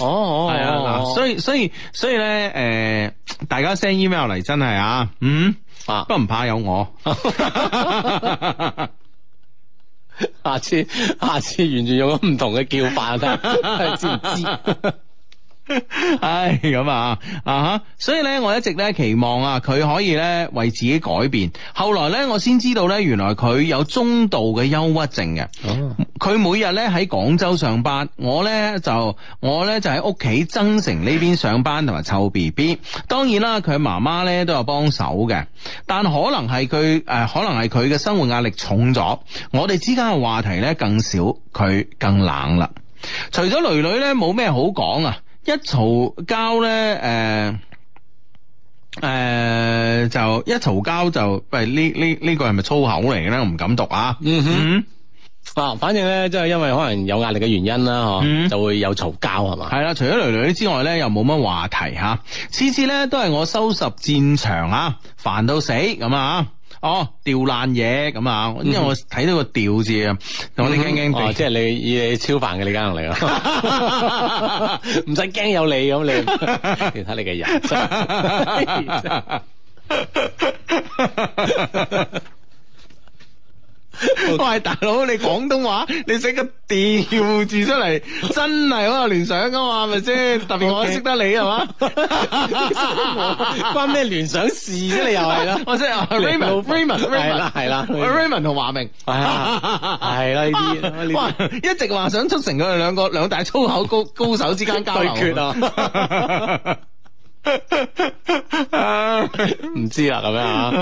哦，係啊， 所以所以所以咧，誒、呃、大家 send email 嚟真係啊，嗯，啊，不過唔怕有我， 下次下次完全有咗唔同嘅叫法啊，知唔知？ 唉，咁、 哎、啊啊吓，所以咧，我一直咧期望啊，佢可以咧為自己改變。後來咧，我先知道咧，原來佢有中度嘅憂鬱症嘅。佢、哦、每日咧喺廣州上班，我咧就我咧就喺屋企增城呢邊上班，同埋湊 B B。當然啦，佢媽媽咧都有幫手嘅，但可能係佢誒，可能係佢嘅生活壓力重咗，我哋之間嘅話題咧更少，佢更冷啦。除咗女女咧，冇咩好講啊！一嘈交咧，誒、呃、誒、呃，就一嘈交就，喂呢呢呢個係咪粗口嚟嘅咧？我唔敢讀啊。嗯哼，嗱、嗯，反正咧，即係因為可能有壓力嘅原因啦，嗬、嗯，就會有嘈交係嘛。係啦，除咗女女之外咧，又冇乜話題吓，次次咧都係我收拾戰場啊，煩到死咁啊。哦，掉爛嘢咁啊！因為我睇到個掉字啊，我哋、嗯、哼驚驚地，哦、即係你，你超凡嘅你家雄嚟啊！唔使驚有你咁你，睇下你嘅人。Okay. 喂，大佬，你廣東話，你寫個屌字出嚟，真係好有聯想噶嘛？咪先， 特別我識得你係嘛？ 關咩聯想事啫，啊？ 你又係啦？我識 Raymond，係啦係啦，Raymond 同華明係啦，呢 啲 一直話想促成佢哋兩個兩大粗口高高手之間交 決啊我！ 唔知啦，咁樣吓，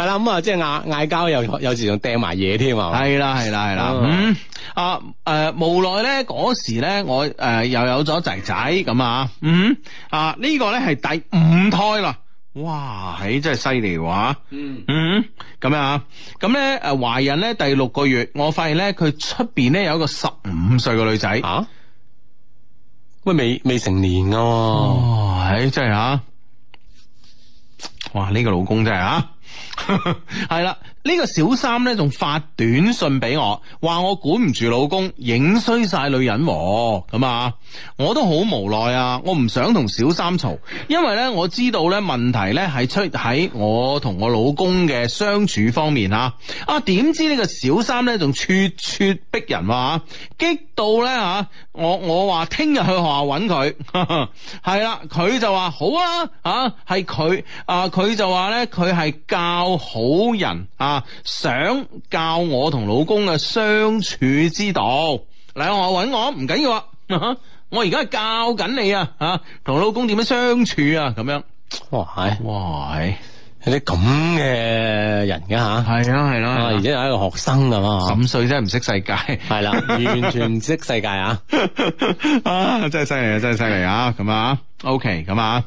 係啦，咁啊， 嗯、即係嗌嗌交，又有時仲掟埋嘢添啊，係啦，係啦， 係啦，嗯，啊，誒、呃，無奈咧嗰時咧，我誒、呃、又有咗仔仔咁啊，嗯，啊，呢、這個咧係第五胎啦，哇，嘿，真係犀利喎，嗯，咁樣啊，咁咧誒懷孕咧第六個月，我發現咧佢出邊咧有一個十五歲嘅女仔啊。喂，未未成年噶、啊、喎，唉、哦哎，真係吓、啊，哇，呢、這個老公真係吓，係 啦。呢個小三呢仲發短信俾我，話我管唔住老公，影衰晒女人，咁啊，我都好無奈啊，我唔想同小三嘈，因為呢我知道呢問題呢係出喺我同我老公嘅相處方面吓，啊點知呢個小三呢仲咄咄逼人話、啊啊，激到呢吓、啊，我我話聽日去學校揾佢，係啦，佢就話好啊，啊係佢啊，佢就話呢佢係教好人啊。想教我同老公嘅相處之道，嚟我搵我唔緊要啊！我而家係教緊你啊，吓同老公點樣相處啊？咁樣哇係哇係，啲咁嘅人噶吓，係啊係咯，而且係一個學生十五歲真係唔識世界，係 啦，啊，完全唔識世界啊！ 啊，真係犀利啊，真係犀利啊！咁啊，OK，咁啊。OK,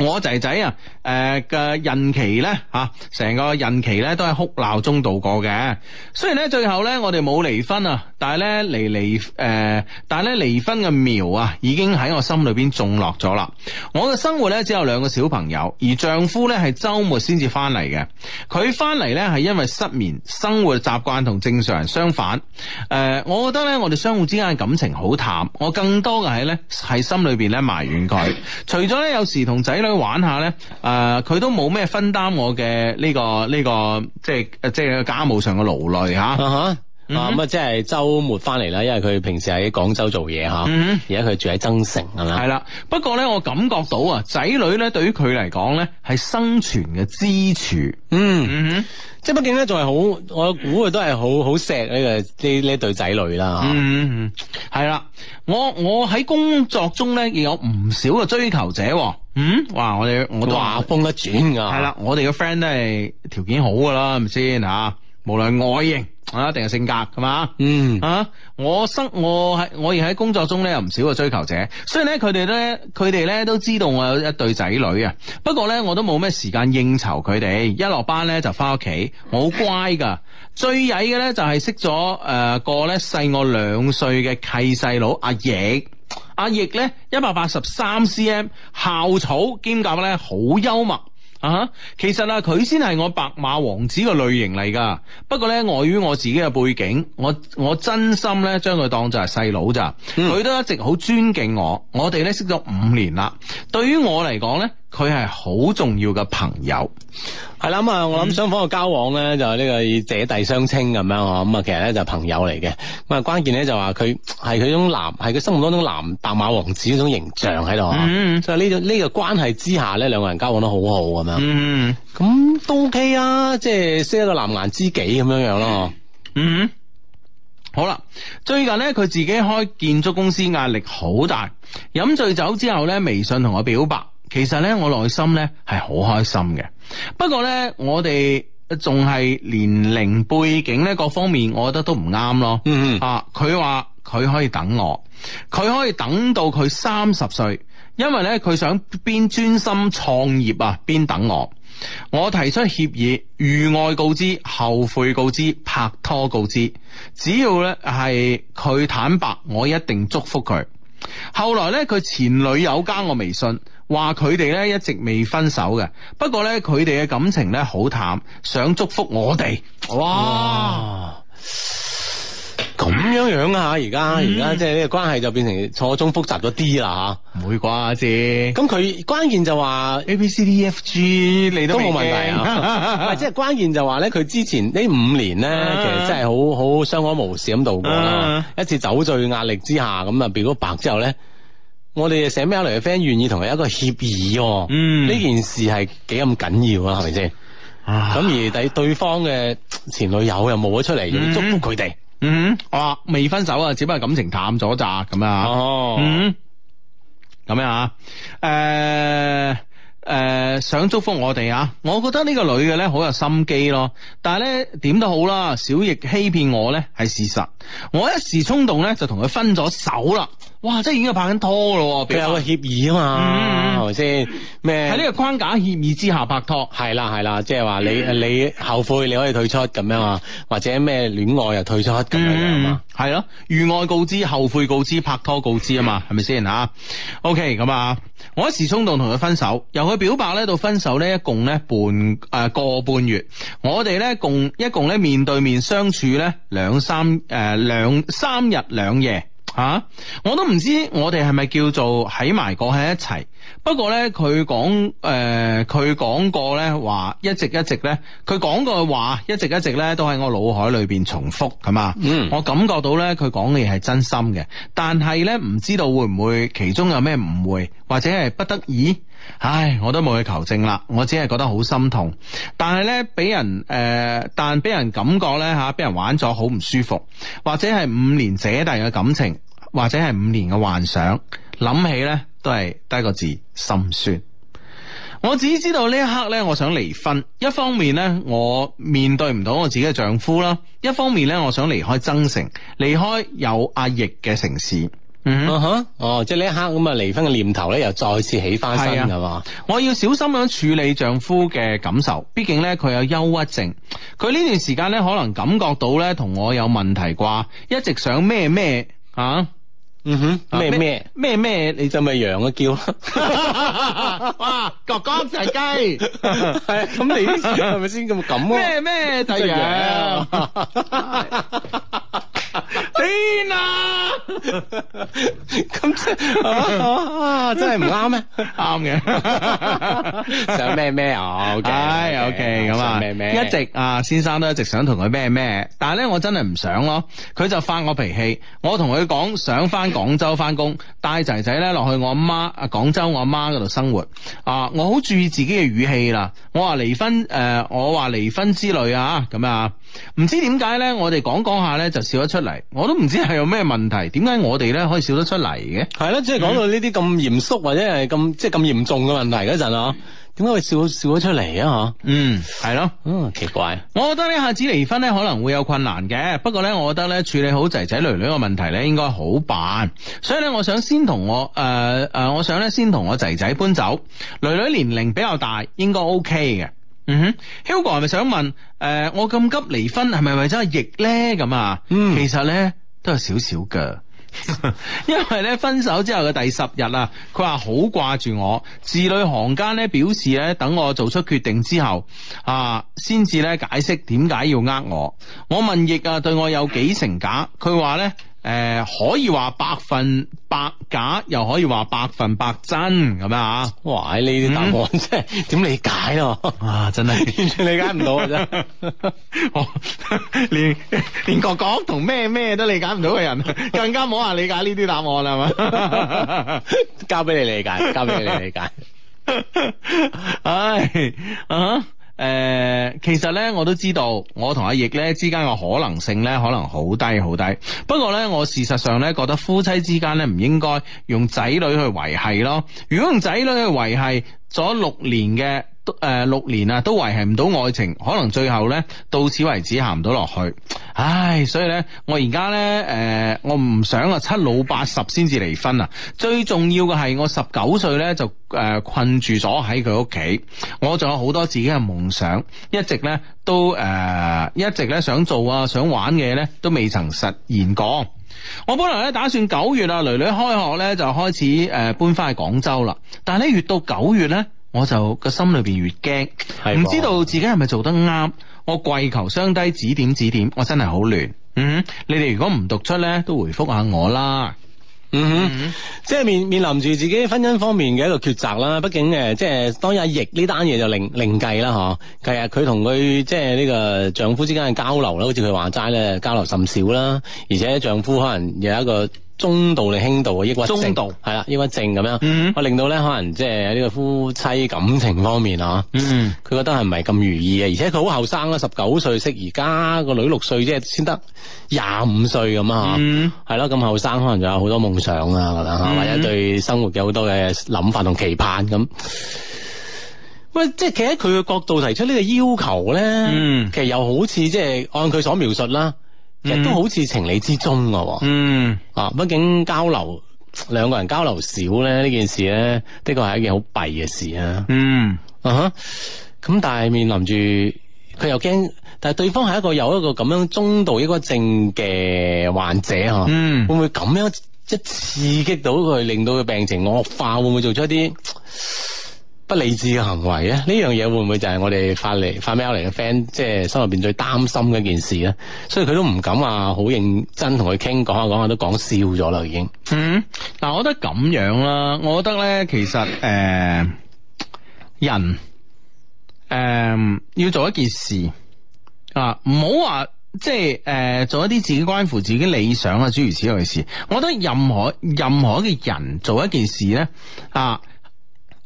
我仔仔啊，誒嘅孕期咧吓，成個孕期咧都喺哭鬧中度過嘅。雖然咧最後咧我哋冇離婚啊，但係咧離離誒，但係咧離婚嘅苗啊，已經喺我心裏邊種落咗啦。我嘅生活咧只有兩個小朋友，而丈夫咧係周末先至翻嚟嘅。佢翻嚟咧係因為失眠，生活習慣同正常人相反。誒、呃，我覺得咧我哋相互之間嘅感情好淡，我更多嘅係咧喺心裏邊咧埋怨佢。除咗咧有時同仔女。玩下咧，誒、呃，佢都冇咩分擔我嘅呢、這個呢、這個即係即係家務上嘅勞累吓。啊，咁啊、嗯，即係周末翻嚟啦，因為佢平時喺廣州做嘢吓，而家佢住喺增城噶啦。係啦，不過咧，我感覺到啊，仔女咧，對於佢嚟講咧，係生存嘅支柱。嗯，嗯哼即係畢竟咧，仲係好，我估佢都係好好錫呢個呢呢對仔女啦。嗯嗯係啦，我我喺工作中咧，亦有唔少嘅追求者。嗯，哇，我哋我都話風一轉噶。係啦嘩，我哋嘅 friend 都係條件好噶啦，係咪先吓？嗯、無論外形。我、啊、一定係性格，係嘛？嗯，啊，我生我喺我而喺工作中咧，有唔少嘅追求者，雖然咧，佢哋咧，佢哋咧都知道我有一對仔女啊。不過咧，我都冇咩時間應酬佢哋，一落班咧就翻屋企，我好乖噶。最曳嘅咧就係、是、識咗誒、呃、個咧細我兩歲嘅契細佬阿奕，阿奕咧一百八十三 cm，校草兼夾咧好幽默。啊哈！Uh huh. 其實啊，佢先係我白馬王子嘅類型嚟噶。不過咧，礙於我自己嘅背景，我我真心咧將佢當作係細佬咋。佢、嗯、都一直好尊敬我。我哋咧識咗五年啦。對於我嚟講咧。佢係好重要嘅朋友，係啦咁啊！嗯、我諗雙方嘅交往咧就係呢個以姐弟相稱咁樣哦。咁啊，其實咧就係朋友嚟嘅。咁啊，關鍵咧就話佢係佢種男，係佢心目當中男白馬王子嗰種形象喺度啊。所以呢種呢個關係之下咧，兩個人交往得好好咁、嗯、樣、啊就是樣嗯。嗯，咁都 OK 啊，即係識一個藍顏知己咁樣樣咯。嗯，好啦，最近咧佢自己開建築公司，壓力好大。飲醉酒之後咧，微信同我表白。其實咧，我內心咧係好開心嘅。不過咧，我哋仲係年齡背景咧，各方面我覺得都唔啱咯。嗯嗯啊，佢話佢可以等我，佢可以等到佢三十歲，因為咧佢想邊專心創業啊，邊等我。我提出協議，遇外告知，後悔告知，拍拖告知，只要咧係佢坦白，我一定祝福佢。後來咧，佢前女友加我微信。話佢哋咧一直未分手嘅，不過咧，佢哋嘅感情咧好淡，想祝福我哋。哇，咁樣樣啊？而家而家即係呢個關係就變成錯綜複雜咗啲啦，吓，唔會啩啫？咁佢關鍵就話 A B C D E F G，你都冇問題啊？ 即係關鍵就話咧，佢之前呢五年咧，啊、其實真係好好相安無事咁度過啦。啊啊、一次酒醉壓力之下，咁啊變咗白之後咧。我哋寫咩嚟嘅 friend 願意同佢一個協議、哦、呢、嗯、件事係幾咁緊要啊？係咪先？咁而第對，對方嘅前女友又冒咗出嚟、嗯、要祝福佢哋、嗯。嗯，哇、啊，未分手啊，只不過感情淡咗咋咁啊？哦，咁樣啊？誒、哦。嗯誒、呃，想祝福我哋啊！我覺得呢個女嘅咧好有心機咯。但係咧點都好啦，小易欺騙我咧係事實。我一時衝動咧就同佢分咗手啦。哇，真係已經拍緊拖咯、啊！佢有個協議啊嘛，係咪、嗯嗯、先咩？喺呢個框架協議之下拍拖係啦係啦，即係話你你後悔你可以退出咁樣啊，或者咩戀愛又退出咁樣啊嘛？係咯、嗯，遇愛告知，後悔告知，拍拖告知啊嘛，係咪先啊？OK，咁、嗯、啊。嗯 okay, 嗯嗯 okay, 嗯我一時衝動同佢分手，由佢表白咧到分手咧，一共咧半，誒、呃、個半月。我哋咧共一共咧面對面相處咧兩三誒兩、呃、三日兩夜。吓、啊！我都唔知我哋係咪叫做喺埋過喺一齊。不過呢，佢講誒，佢、呃、講過呢話，一直一直呢，佢講過嘅話，一直一直呢都喺我腦海裏邊重複，㗎嘛？嗯，我感覺到呢，佢講嘅嘢係真心嘅，但係呢，唔知道會唔會其中有咩誤會，或者係不得已。唉，我都冇去求證啦，我只係覺得好心痛。但係咧，俾人誒、呃，但俾人感覺咧吓，俾、啊、人玩咗好唔舒服，或者係五年姐弟嘅感情，或者係五年嘅幻想，諗起咧都係低一個字心酸。我只知道呢一刻咧，我想離婚。一方面咧，我面對唔到我自己嘅丈夫啦；一方面咧，我想離開增城，離開有阿易嘅城市。嗯哼，哦 ，uh huh. oh, 即係呢一刻咁啊，離婚嘅念頭咧又再次起翻身係嘛？我要小心咁處理丈夫嘅感受，畢竟咧佢有憂鬱症，佢呢段時間咧可能感覺到咧同我有問題啩，一直想咩咩吓？Uh? 嗯哼，咩咩咩咩，你就咪羊啊叫 啊，哇，哥哥就係雞，係啊，咁你係咪先咁咁啊？咩咩就係羊。Plays, 啊 天啊！咁 latent 真啊，係唔啱咩？啱 嘅想咩咩啊？O K O K 咁啊，一直啊， 先生都一直想同佢咩咩，但係咧我真係唔想咯。佢就發我脾氣，我同佢講想翻廣州翻工，帶仔仔咧落去我媽啊廣州我媽嗰度生活啊。我好注意自己嘅語氣啦，我話離婚誒，我話離婚之類啊咁啊。唔知點解咧，我哋講講下咧就少咗。出嚟，我都唔知係有咩問題，點解我哋咧可以笑得出嚟嘅？係咯，即係講到呢啲咁嚴肅或者係咁即係咁嚴重嘅問題嗰陣啊，點解會笑笑得出嚟啊？嗬，嗯，係咯，嗯、哦，奇怪。我覺得呢下子離婚咧可能會有困難嘅，不過咧，我覺得咧處理好仔仔女女嘅問題咧應該好辦，所以咧、呃，我想先同我誒誒，我想咧先同我仔仔搬走，女女年齡比較大，應該 OK 嘅。嗯哼，Hugo 係咪想問？誒、呃，我咁急離婚係咪為咗葉呢？咁啊，嗯、其實呢都有少少噶， 因為呢分手之後嘅第十日啊，佢話好掛住我，字裏行間呢表示呢等我做出決定之後啊，先至呢解釋點解要呃我。我問葉啊，對我有幾成假？佢話呢。誒、呃，可以話百分百假，又可以話百分百真，係咪啊？哇！呢啲答案，嗯、真係點理解啊？啊，真係完全理解唔到啊！真 連，連連個個同咩咩都理解唔到嘅人， 更加冇話理解呢啲答案啦，係嘛？ 交俾你理解，交俾你理解。 唉啊！Uh huh. 誒，其實咧我都知道，我同阿奕咧之間嘅可能性咧可能好低好低。不過咧，我事實上咧覺得夫妻之間咧唔應該用仔女去維繫咯。如果用仔女去維繫，咗六年嘅、呃，都誒六年啊，都維繫唔到愛情，可能最後咧到此為止行唔到落去。唉，所以咧，我而家咧誒，我唔想啊七老八十先至離婚啊。最重要嘅係我十九歲咧就誒困住咗喺佢屋企，我仲有好多自己嘅夢想，一直咧都誒、呃、一直咧想做啊想玩嘅嘢咧都未曾實現過。我本來咧打算九月啊，女女開學咧就開始誒搬翻去廣州啦。但係咧越到九月咧，我就個心裏邊越驚，唔吧知道自己係咪做得啱。我跪求雙低指點指點，我真係好亂。嗯，你哋如果唔讀出咧，都回覆下我啦。嗯哼，即係面面臨住自己婚姻方面嘅一個抉擇啦。畢竟誒，即係當阿奕呢單嘢就另另計啦，嗬。近日佢同佢即係呢個丈夫之間嘅交流啦，好似佢話齋咧，交流甚少啦，而且丈夫可能有一個，中度定輕度嘅抑鬱症，係啦度，抑鬱症咁樣，我、mm hmm. 令到咧，可能即係呢個夫妻感情方面啊，佢、mm hmm. 覺得係唔係咁如意啊？而且佢好後生啦，十九歲識，而家個女六歲，即係先得廿五歲咁啊，係咯、mm，咁後生可能仲有好多夢想啊，覺得 mm hmm. 或者對生活有好多嘅諗法同期盼咁。喂，即係企喺佢嘅角度提出呢個要求咧，mm hmm. 其實又好似即係按佢所描述啦。其實都好似情理之中嘅，嗯啊，畢、嗯、竟交流，兩個人交流少咧，呢件事咧的確係一件好弊嘅事啊，嗯啊咁、uh huh. 但係面臨住佢又驚，但係對方係一個有一個咁樣中度抑鬱症嘅患者啊，嗯，會唔會咁樣即刺激到佢，令到佢病情惡化，會唔會做出一啲？不理智嘅行為咧，呢樣嘢會唔會就係我哋發嚟發 mail 嚟嘅 friend，即係心入邊最擔心嘅一件事咧？所以佢都唔敢話好認真同佢傾講下講下，都講笑咗啦已經，已經。嗯，嗱，我覺得咁樣啦，我覺得咧，其實誒、呃、人誒、呃、要做一件事啊，唔好話即係誒、呃、做一啲自己關乎自己理想啊諸如此類嘅事。我覺得任何任何嘅人做一件事咧啊。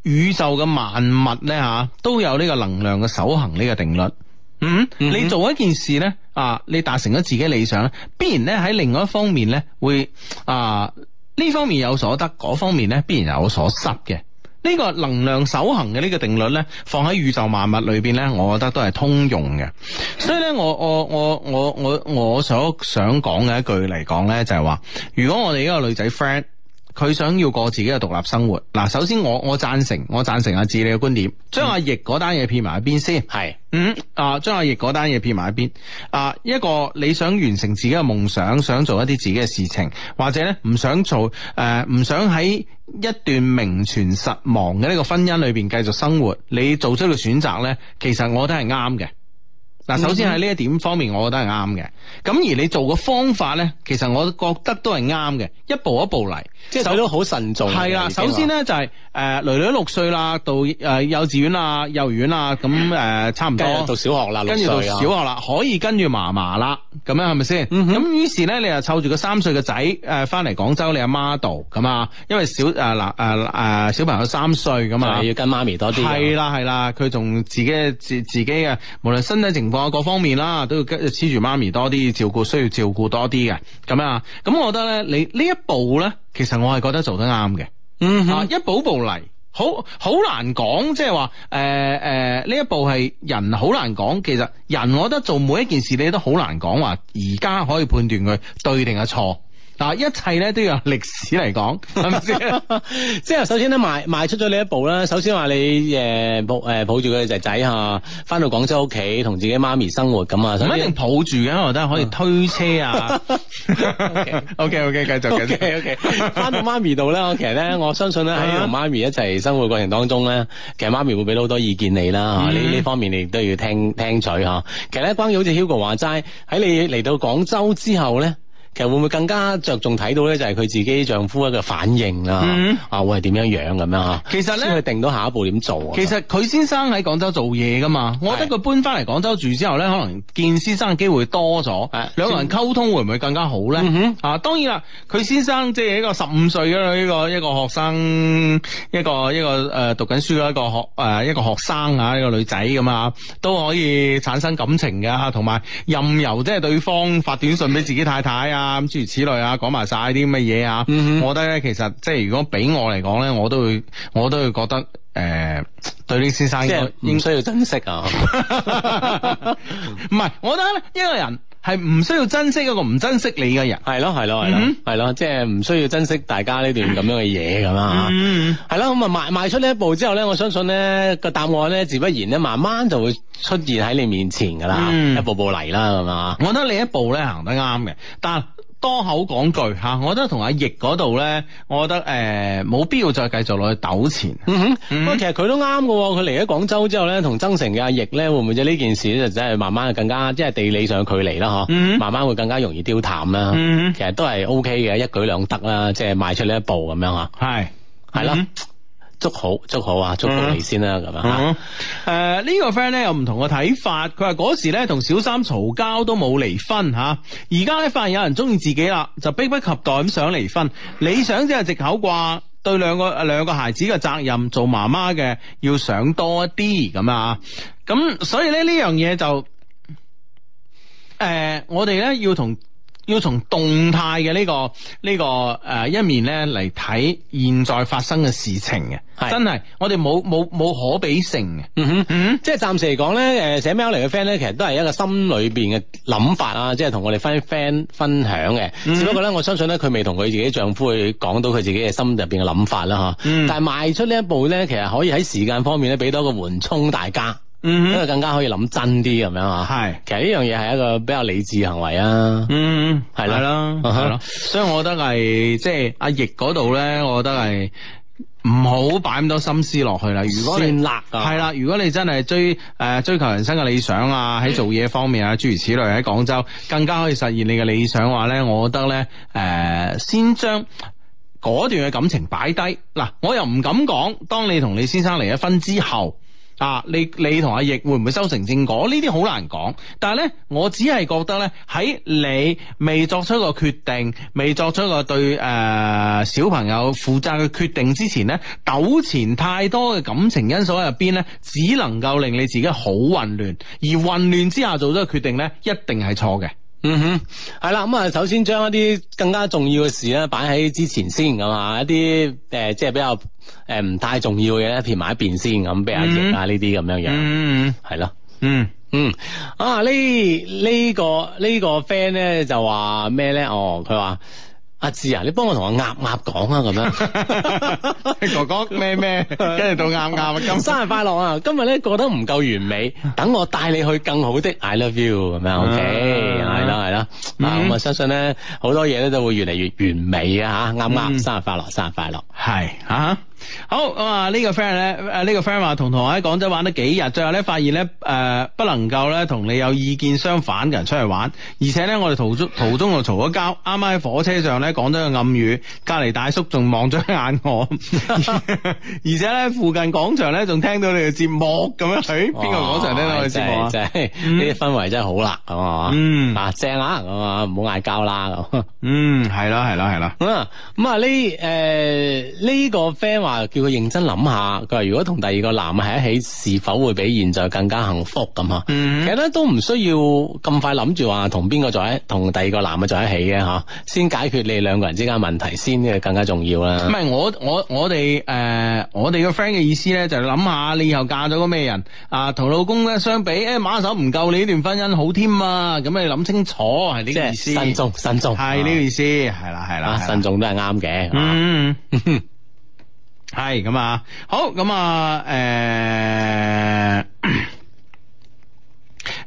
宇宙嘅萬物咧吓、啊，都有呢個能量嘅守恒呢個定律。嗯，嗯哼你做一件事咧，啊，你達成咗自己理想咧，必然咧喺另外一方面咧會啊，呢方面有所得，嗰方面咧必然有所失嘅。呢、呢個能量守恒嘅呢個定律咧，放喺宇宙萬物裏邊咧，我覺得都係通用嘅。所以呢，我我我我我我所想講嘅一句嚟講呢就係、係、話，如果我哋呢個女仔 friend。佢想要過自己嘅獨立生活。嗱，首先我我贊成，我贊成阿、啊、智你嘅觀點，將阿易嗰單嘢撇埋一邊先。係是，嗯，啊，將阿易嗰單嘢撇埋一邊。啊，一個你想完成自己嘅夢想，想做一啲自己嘅事情，或者咧唔想做，誒、呃、唔想喺一段名存實亡嘅呢個婚姻裏邊繼續生活，你做出嘅選擇呢，其實我覺得係啱嘅。嗱，首先喺呢一點方面，我覺得係啱嘅。咁而你做個方法咧，其實我覺得都係啱嘅，一步一步嚟，即係都好慎重。係啦，首先咧就係誒，囡囡六歲啦，到誒幼稚園啊、幼兒園啊，咁誒差唔多到小學啦，跟住到小學啦，可以跟住嫲嫲啦，咁樣係咪先？咁於是咧，你又湊住個三歲嘅仔誒翻嚟廣州你阿媽度，咁啊，因為小誒嗱誒誒小朋友三歲咁啊，要跟媽咪多啲。係啦係啦，佢仲自己自自己嘅，無論身體情，各方面啦，都要跟黐住媽咪多啲照顧，需要照顧多啲嘅，咁啊。咁我覺得咧，你呢一步咧，其實我係覺得做得啱嘅。嗯哼、啊，一步步嚟，好好難講，即係話誒誒，呢、呃呃、一步係人好難講。其實人我覺得做每一件事，你都好難講話，而家可以判斷佢對定係錯。嗱，一切咧都要由歷史嚟講，係咪先？ 即係首先咧賣賣出咗呢一步啦。首先話你誒抱誒抱住佢仔仔嚇，翻到廣州屋企同自己媽咪生活咁啊。首先抱住嘅，我覺得可以推車啊。 okay. OK OK，繼續繼續。OK 翻、okay. 到媽咪度咧， 我其實咧我相信咧喺同媽咪一齊生活過程當中咧，其實媽咪會俾到好多意見、嗯、你啦。嚇呢呢方面你都要聽聽取嚇、啊。其實咧，關於好似 Hugo 講話齋喺你嚟到廣州之後咧。其實會唔會更加着重睇到咧？就係、是、佢自己丈夫一個反應啦，啊，會係點樣樣咁樣啊？樣樣啊其實咧，佢定到下一步點做。啊？其實佢先生喺廣州做嘢噶嘛，是我覺得佢搬翻嚟廣州住之後咧，可能見先生嘅機會多咗，兩個是人溝通會唔會更加好咧？嗯、哼啊，當然啦，佢先生即係一個十五歲嘅呢個一個學生，一個一個誒讀緊書嘅一個學誒一個學生啊，一個女仔咁啊，都可以產生感情嘅吓，同埋任由即係對方發短信俾自己太太啊。啊諸如此類啊，講埋晒啲咁嘅嘢啊，嗯、哼我覺得咧其實即係如果俾我嚟講咧，我都會我都會覺得誒、呃，對呢先生應該即係唔需要珍惜啊。唔係， 我覺得咧一個人係唔需要珍惜一個唔珍惜你嘅人，係咯係咯係咯係咯，即係唔需要珍惜大家呢段咁樣嘅嘢咁啊。係咯、嗯，咁啊邁邁出呢一步之後咧，我相信咧個答案咧，自不然咧慢慢就會出現喺你面前噶啦，嗯、一步步嚟啦，係嘛？我覺得你一步咧行得啱嘅，但多口講句嚇、啊，我覺得同阿譯嗰度咧，我覺得誒冇、呃、必要再繼續落去糾纏。嗯、哼，不過、嗯、哼其實佢都啱嘅喎，佢嚟咗廣州之後咧，同增城嘅阿譯咧，會唔會即係呢件事就真係慢慢更加即係地理上距離啦嗬，嗯、哼慢慢會更加容易丟淡啦。嗯、哼其實都係 OK 嘅，一舉兩得啦，即係邁出呢一步咁樣啊。係是，係咯、嗯哼。祝好，祝好，祝好、嗯、啊！祝福你先啦，咁、呃這個、啊！誒，呢個 friend 咧有唔同嘅睇法，佢話嗰時咧同小三嘈交都冇離婚吓，而家咧發現有人中意自己啦，就迫不及待咁想離婚。理想即係借口啩？對兩個兩個孩子嘅責任，做媽媽嘅要想多一啲咁啊！咁、啊、所以咧呢樣嘢就誒、呃，我哋咧要同。.要從動態嘅呢個呢、這個誒、呃、一面咧嚟睇現在發生嘅事情嘅，是真係我哋冇冇冇可比性嘅。嗯哼，嗯即係暫時嚟講咧，誒寫 mail 嚟嘅 friend 咧，其實都係一個心裏邊嘅諗法啊，即係同我哋翻啲 friend 分享嘅。嗯、只不過咧，我相信咧，佢未同佢自己丈夫去講到佢自己嘅心入邊嘅諗法啦吓。嗯、但係邁出呢一步咧，其實可以喺時間方面咧，俾多一個緩衝大家。嗯哼，因為更加可以諗真啲咁樣啊。係是，其實呢樣嘢係一個比較理智行為啊。嗯，係啦，係咯，所以我覺得係即係阿易嗰度咧，我覺得係唔好擺咁多心思落去啦。如果你算啦，係啦了，如果你真係追誒、呃、追求人生嘅理想啊，喺做嘢方面啊，諸 如此類喺廣州更加可以實現你嘅理想話咧，我覺得咧誒、呃，先將嗰段嘅感情擺低。嗱，我又唔敢講，當你同你先生離咗婚之後。啊！你你同阿奕會唔會收成正果？呢啲好難講。但係呢，我只係覺得呢，喺你未作出一個決定、未作出一個對誒、呃、小朋友負責嘅決定之前呢，糾纏太多嘅感情因素喺入邊呢，只能夠令你自己好混亂。而混亂之下做咗個決定呢，一定係錯嘅。嗯哼，係啦。咁、嗯、啊，首先將一啲更加重要嘅事呢擺喺之前先咁吓，一啲誒、呃、即係比較。誒，唔太重要嘅，撇埋一邊先，咁咩啊？呢啲咁樣樣，係咯，嗯嗯，嗯。啊，這個這個、呢呢個呢個 friend 咧就話咩咧？哦，佢話阿志啊，你幫我同我鴨鴨講啊，咁樣。 哥哥咩咩，跟住到鴨鴨咁。生日快樂啊！今日咧過得唔夠完美，等我帶你去更好的。I love you，咁樣 OK，係啦係啦。嗱，咁啊，我相信咧好多嘢咧都會越嚟越完美啊！吓，鴨鴨生日快樂，生日快樂，係、嗯、啊。好咁啊！這個、呢、這個 friend 咧，誒，呢個 friend 話同同學喺廣州玩咗幾日，最後咧發現咧，誒、呃，不能夠咧同你有意見相反嘅人出去玩，而且咧我哋途中途中又嘈咗交，啱啱喺火車上咧講咗個暗語，隔籬大叔仲望咗一眼我， 而且咧附近廣場咧仲聽到你嘅節目咁樣，誒、哎，邊個廣場聽到你節目啊？真係是，呢啲、嗯、氛圍真係好辣，係嘛？嗯，啊，正啊，咁、嗯、啊，唔好嗌交啦，咁。嗯，係啦，係啦、啊，係、啊、啦。嗯、啊，咁啊呢，誒、 啊，呢個 friend 話。啊啊 叫佢認真諗下，佢話如果同第二個男嘅喺一起，是否會比現在更加幸福咁啊？嗯、其實咧都唔需要咁快諗住話同邊個在一，同第二個男嘅在一起嘅吓、啊，先解決你哋兩個人之間問題先，呢個更加重要啦。唔係我我我哋誒，我哋個 friend 嘅意思咧，就諗下你以後嫁咗個咩人啊？同老公咧相比，誒、哎，馬手唔夠你呢段婚姻好添嘛、啊？咁你諗清楚係呢意思。慎重，慎重，係呢意思，係啦、啊，係啦，慎重都係啱嘅。係咁啊，好咁啊，誒、呃，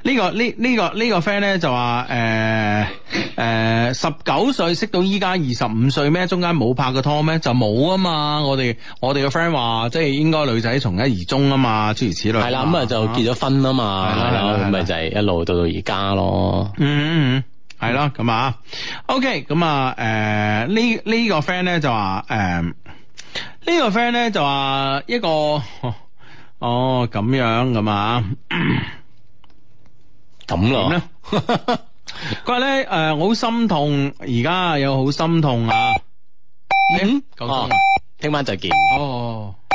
這個這個這個、呢個呢呢個呢個 friend 咧就話誒誒，十、呃、九、呃、歲識到依家二十五歲咩？中間冇拍過拖咩？就冇啊嘛！我哋我哋個 friend 話，即係應該女仔從一而終啊嘛，諸如此類。係啦，咁啊就結咗婚啊嘛，咁咪、啊、就，就一路到到而家咯。嗯，係咯，咁啊，OK，咁啊，誒、okay，啊，呃這個、呢呢個 friend 咧就話、是、誒。呃個呢個 friend 咧就話一個哦咁、哦、樣咁啊，咁、呃、咯，佢話咧誒，我好、 呃、心痛，而家又好心痛啊！嗯，講咗啦，聽、哦、晚再見。哦。哦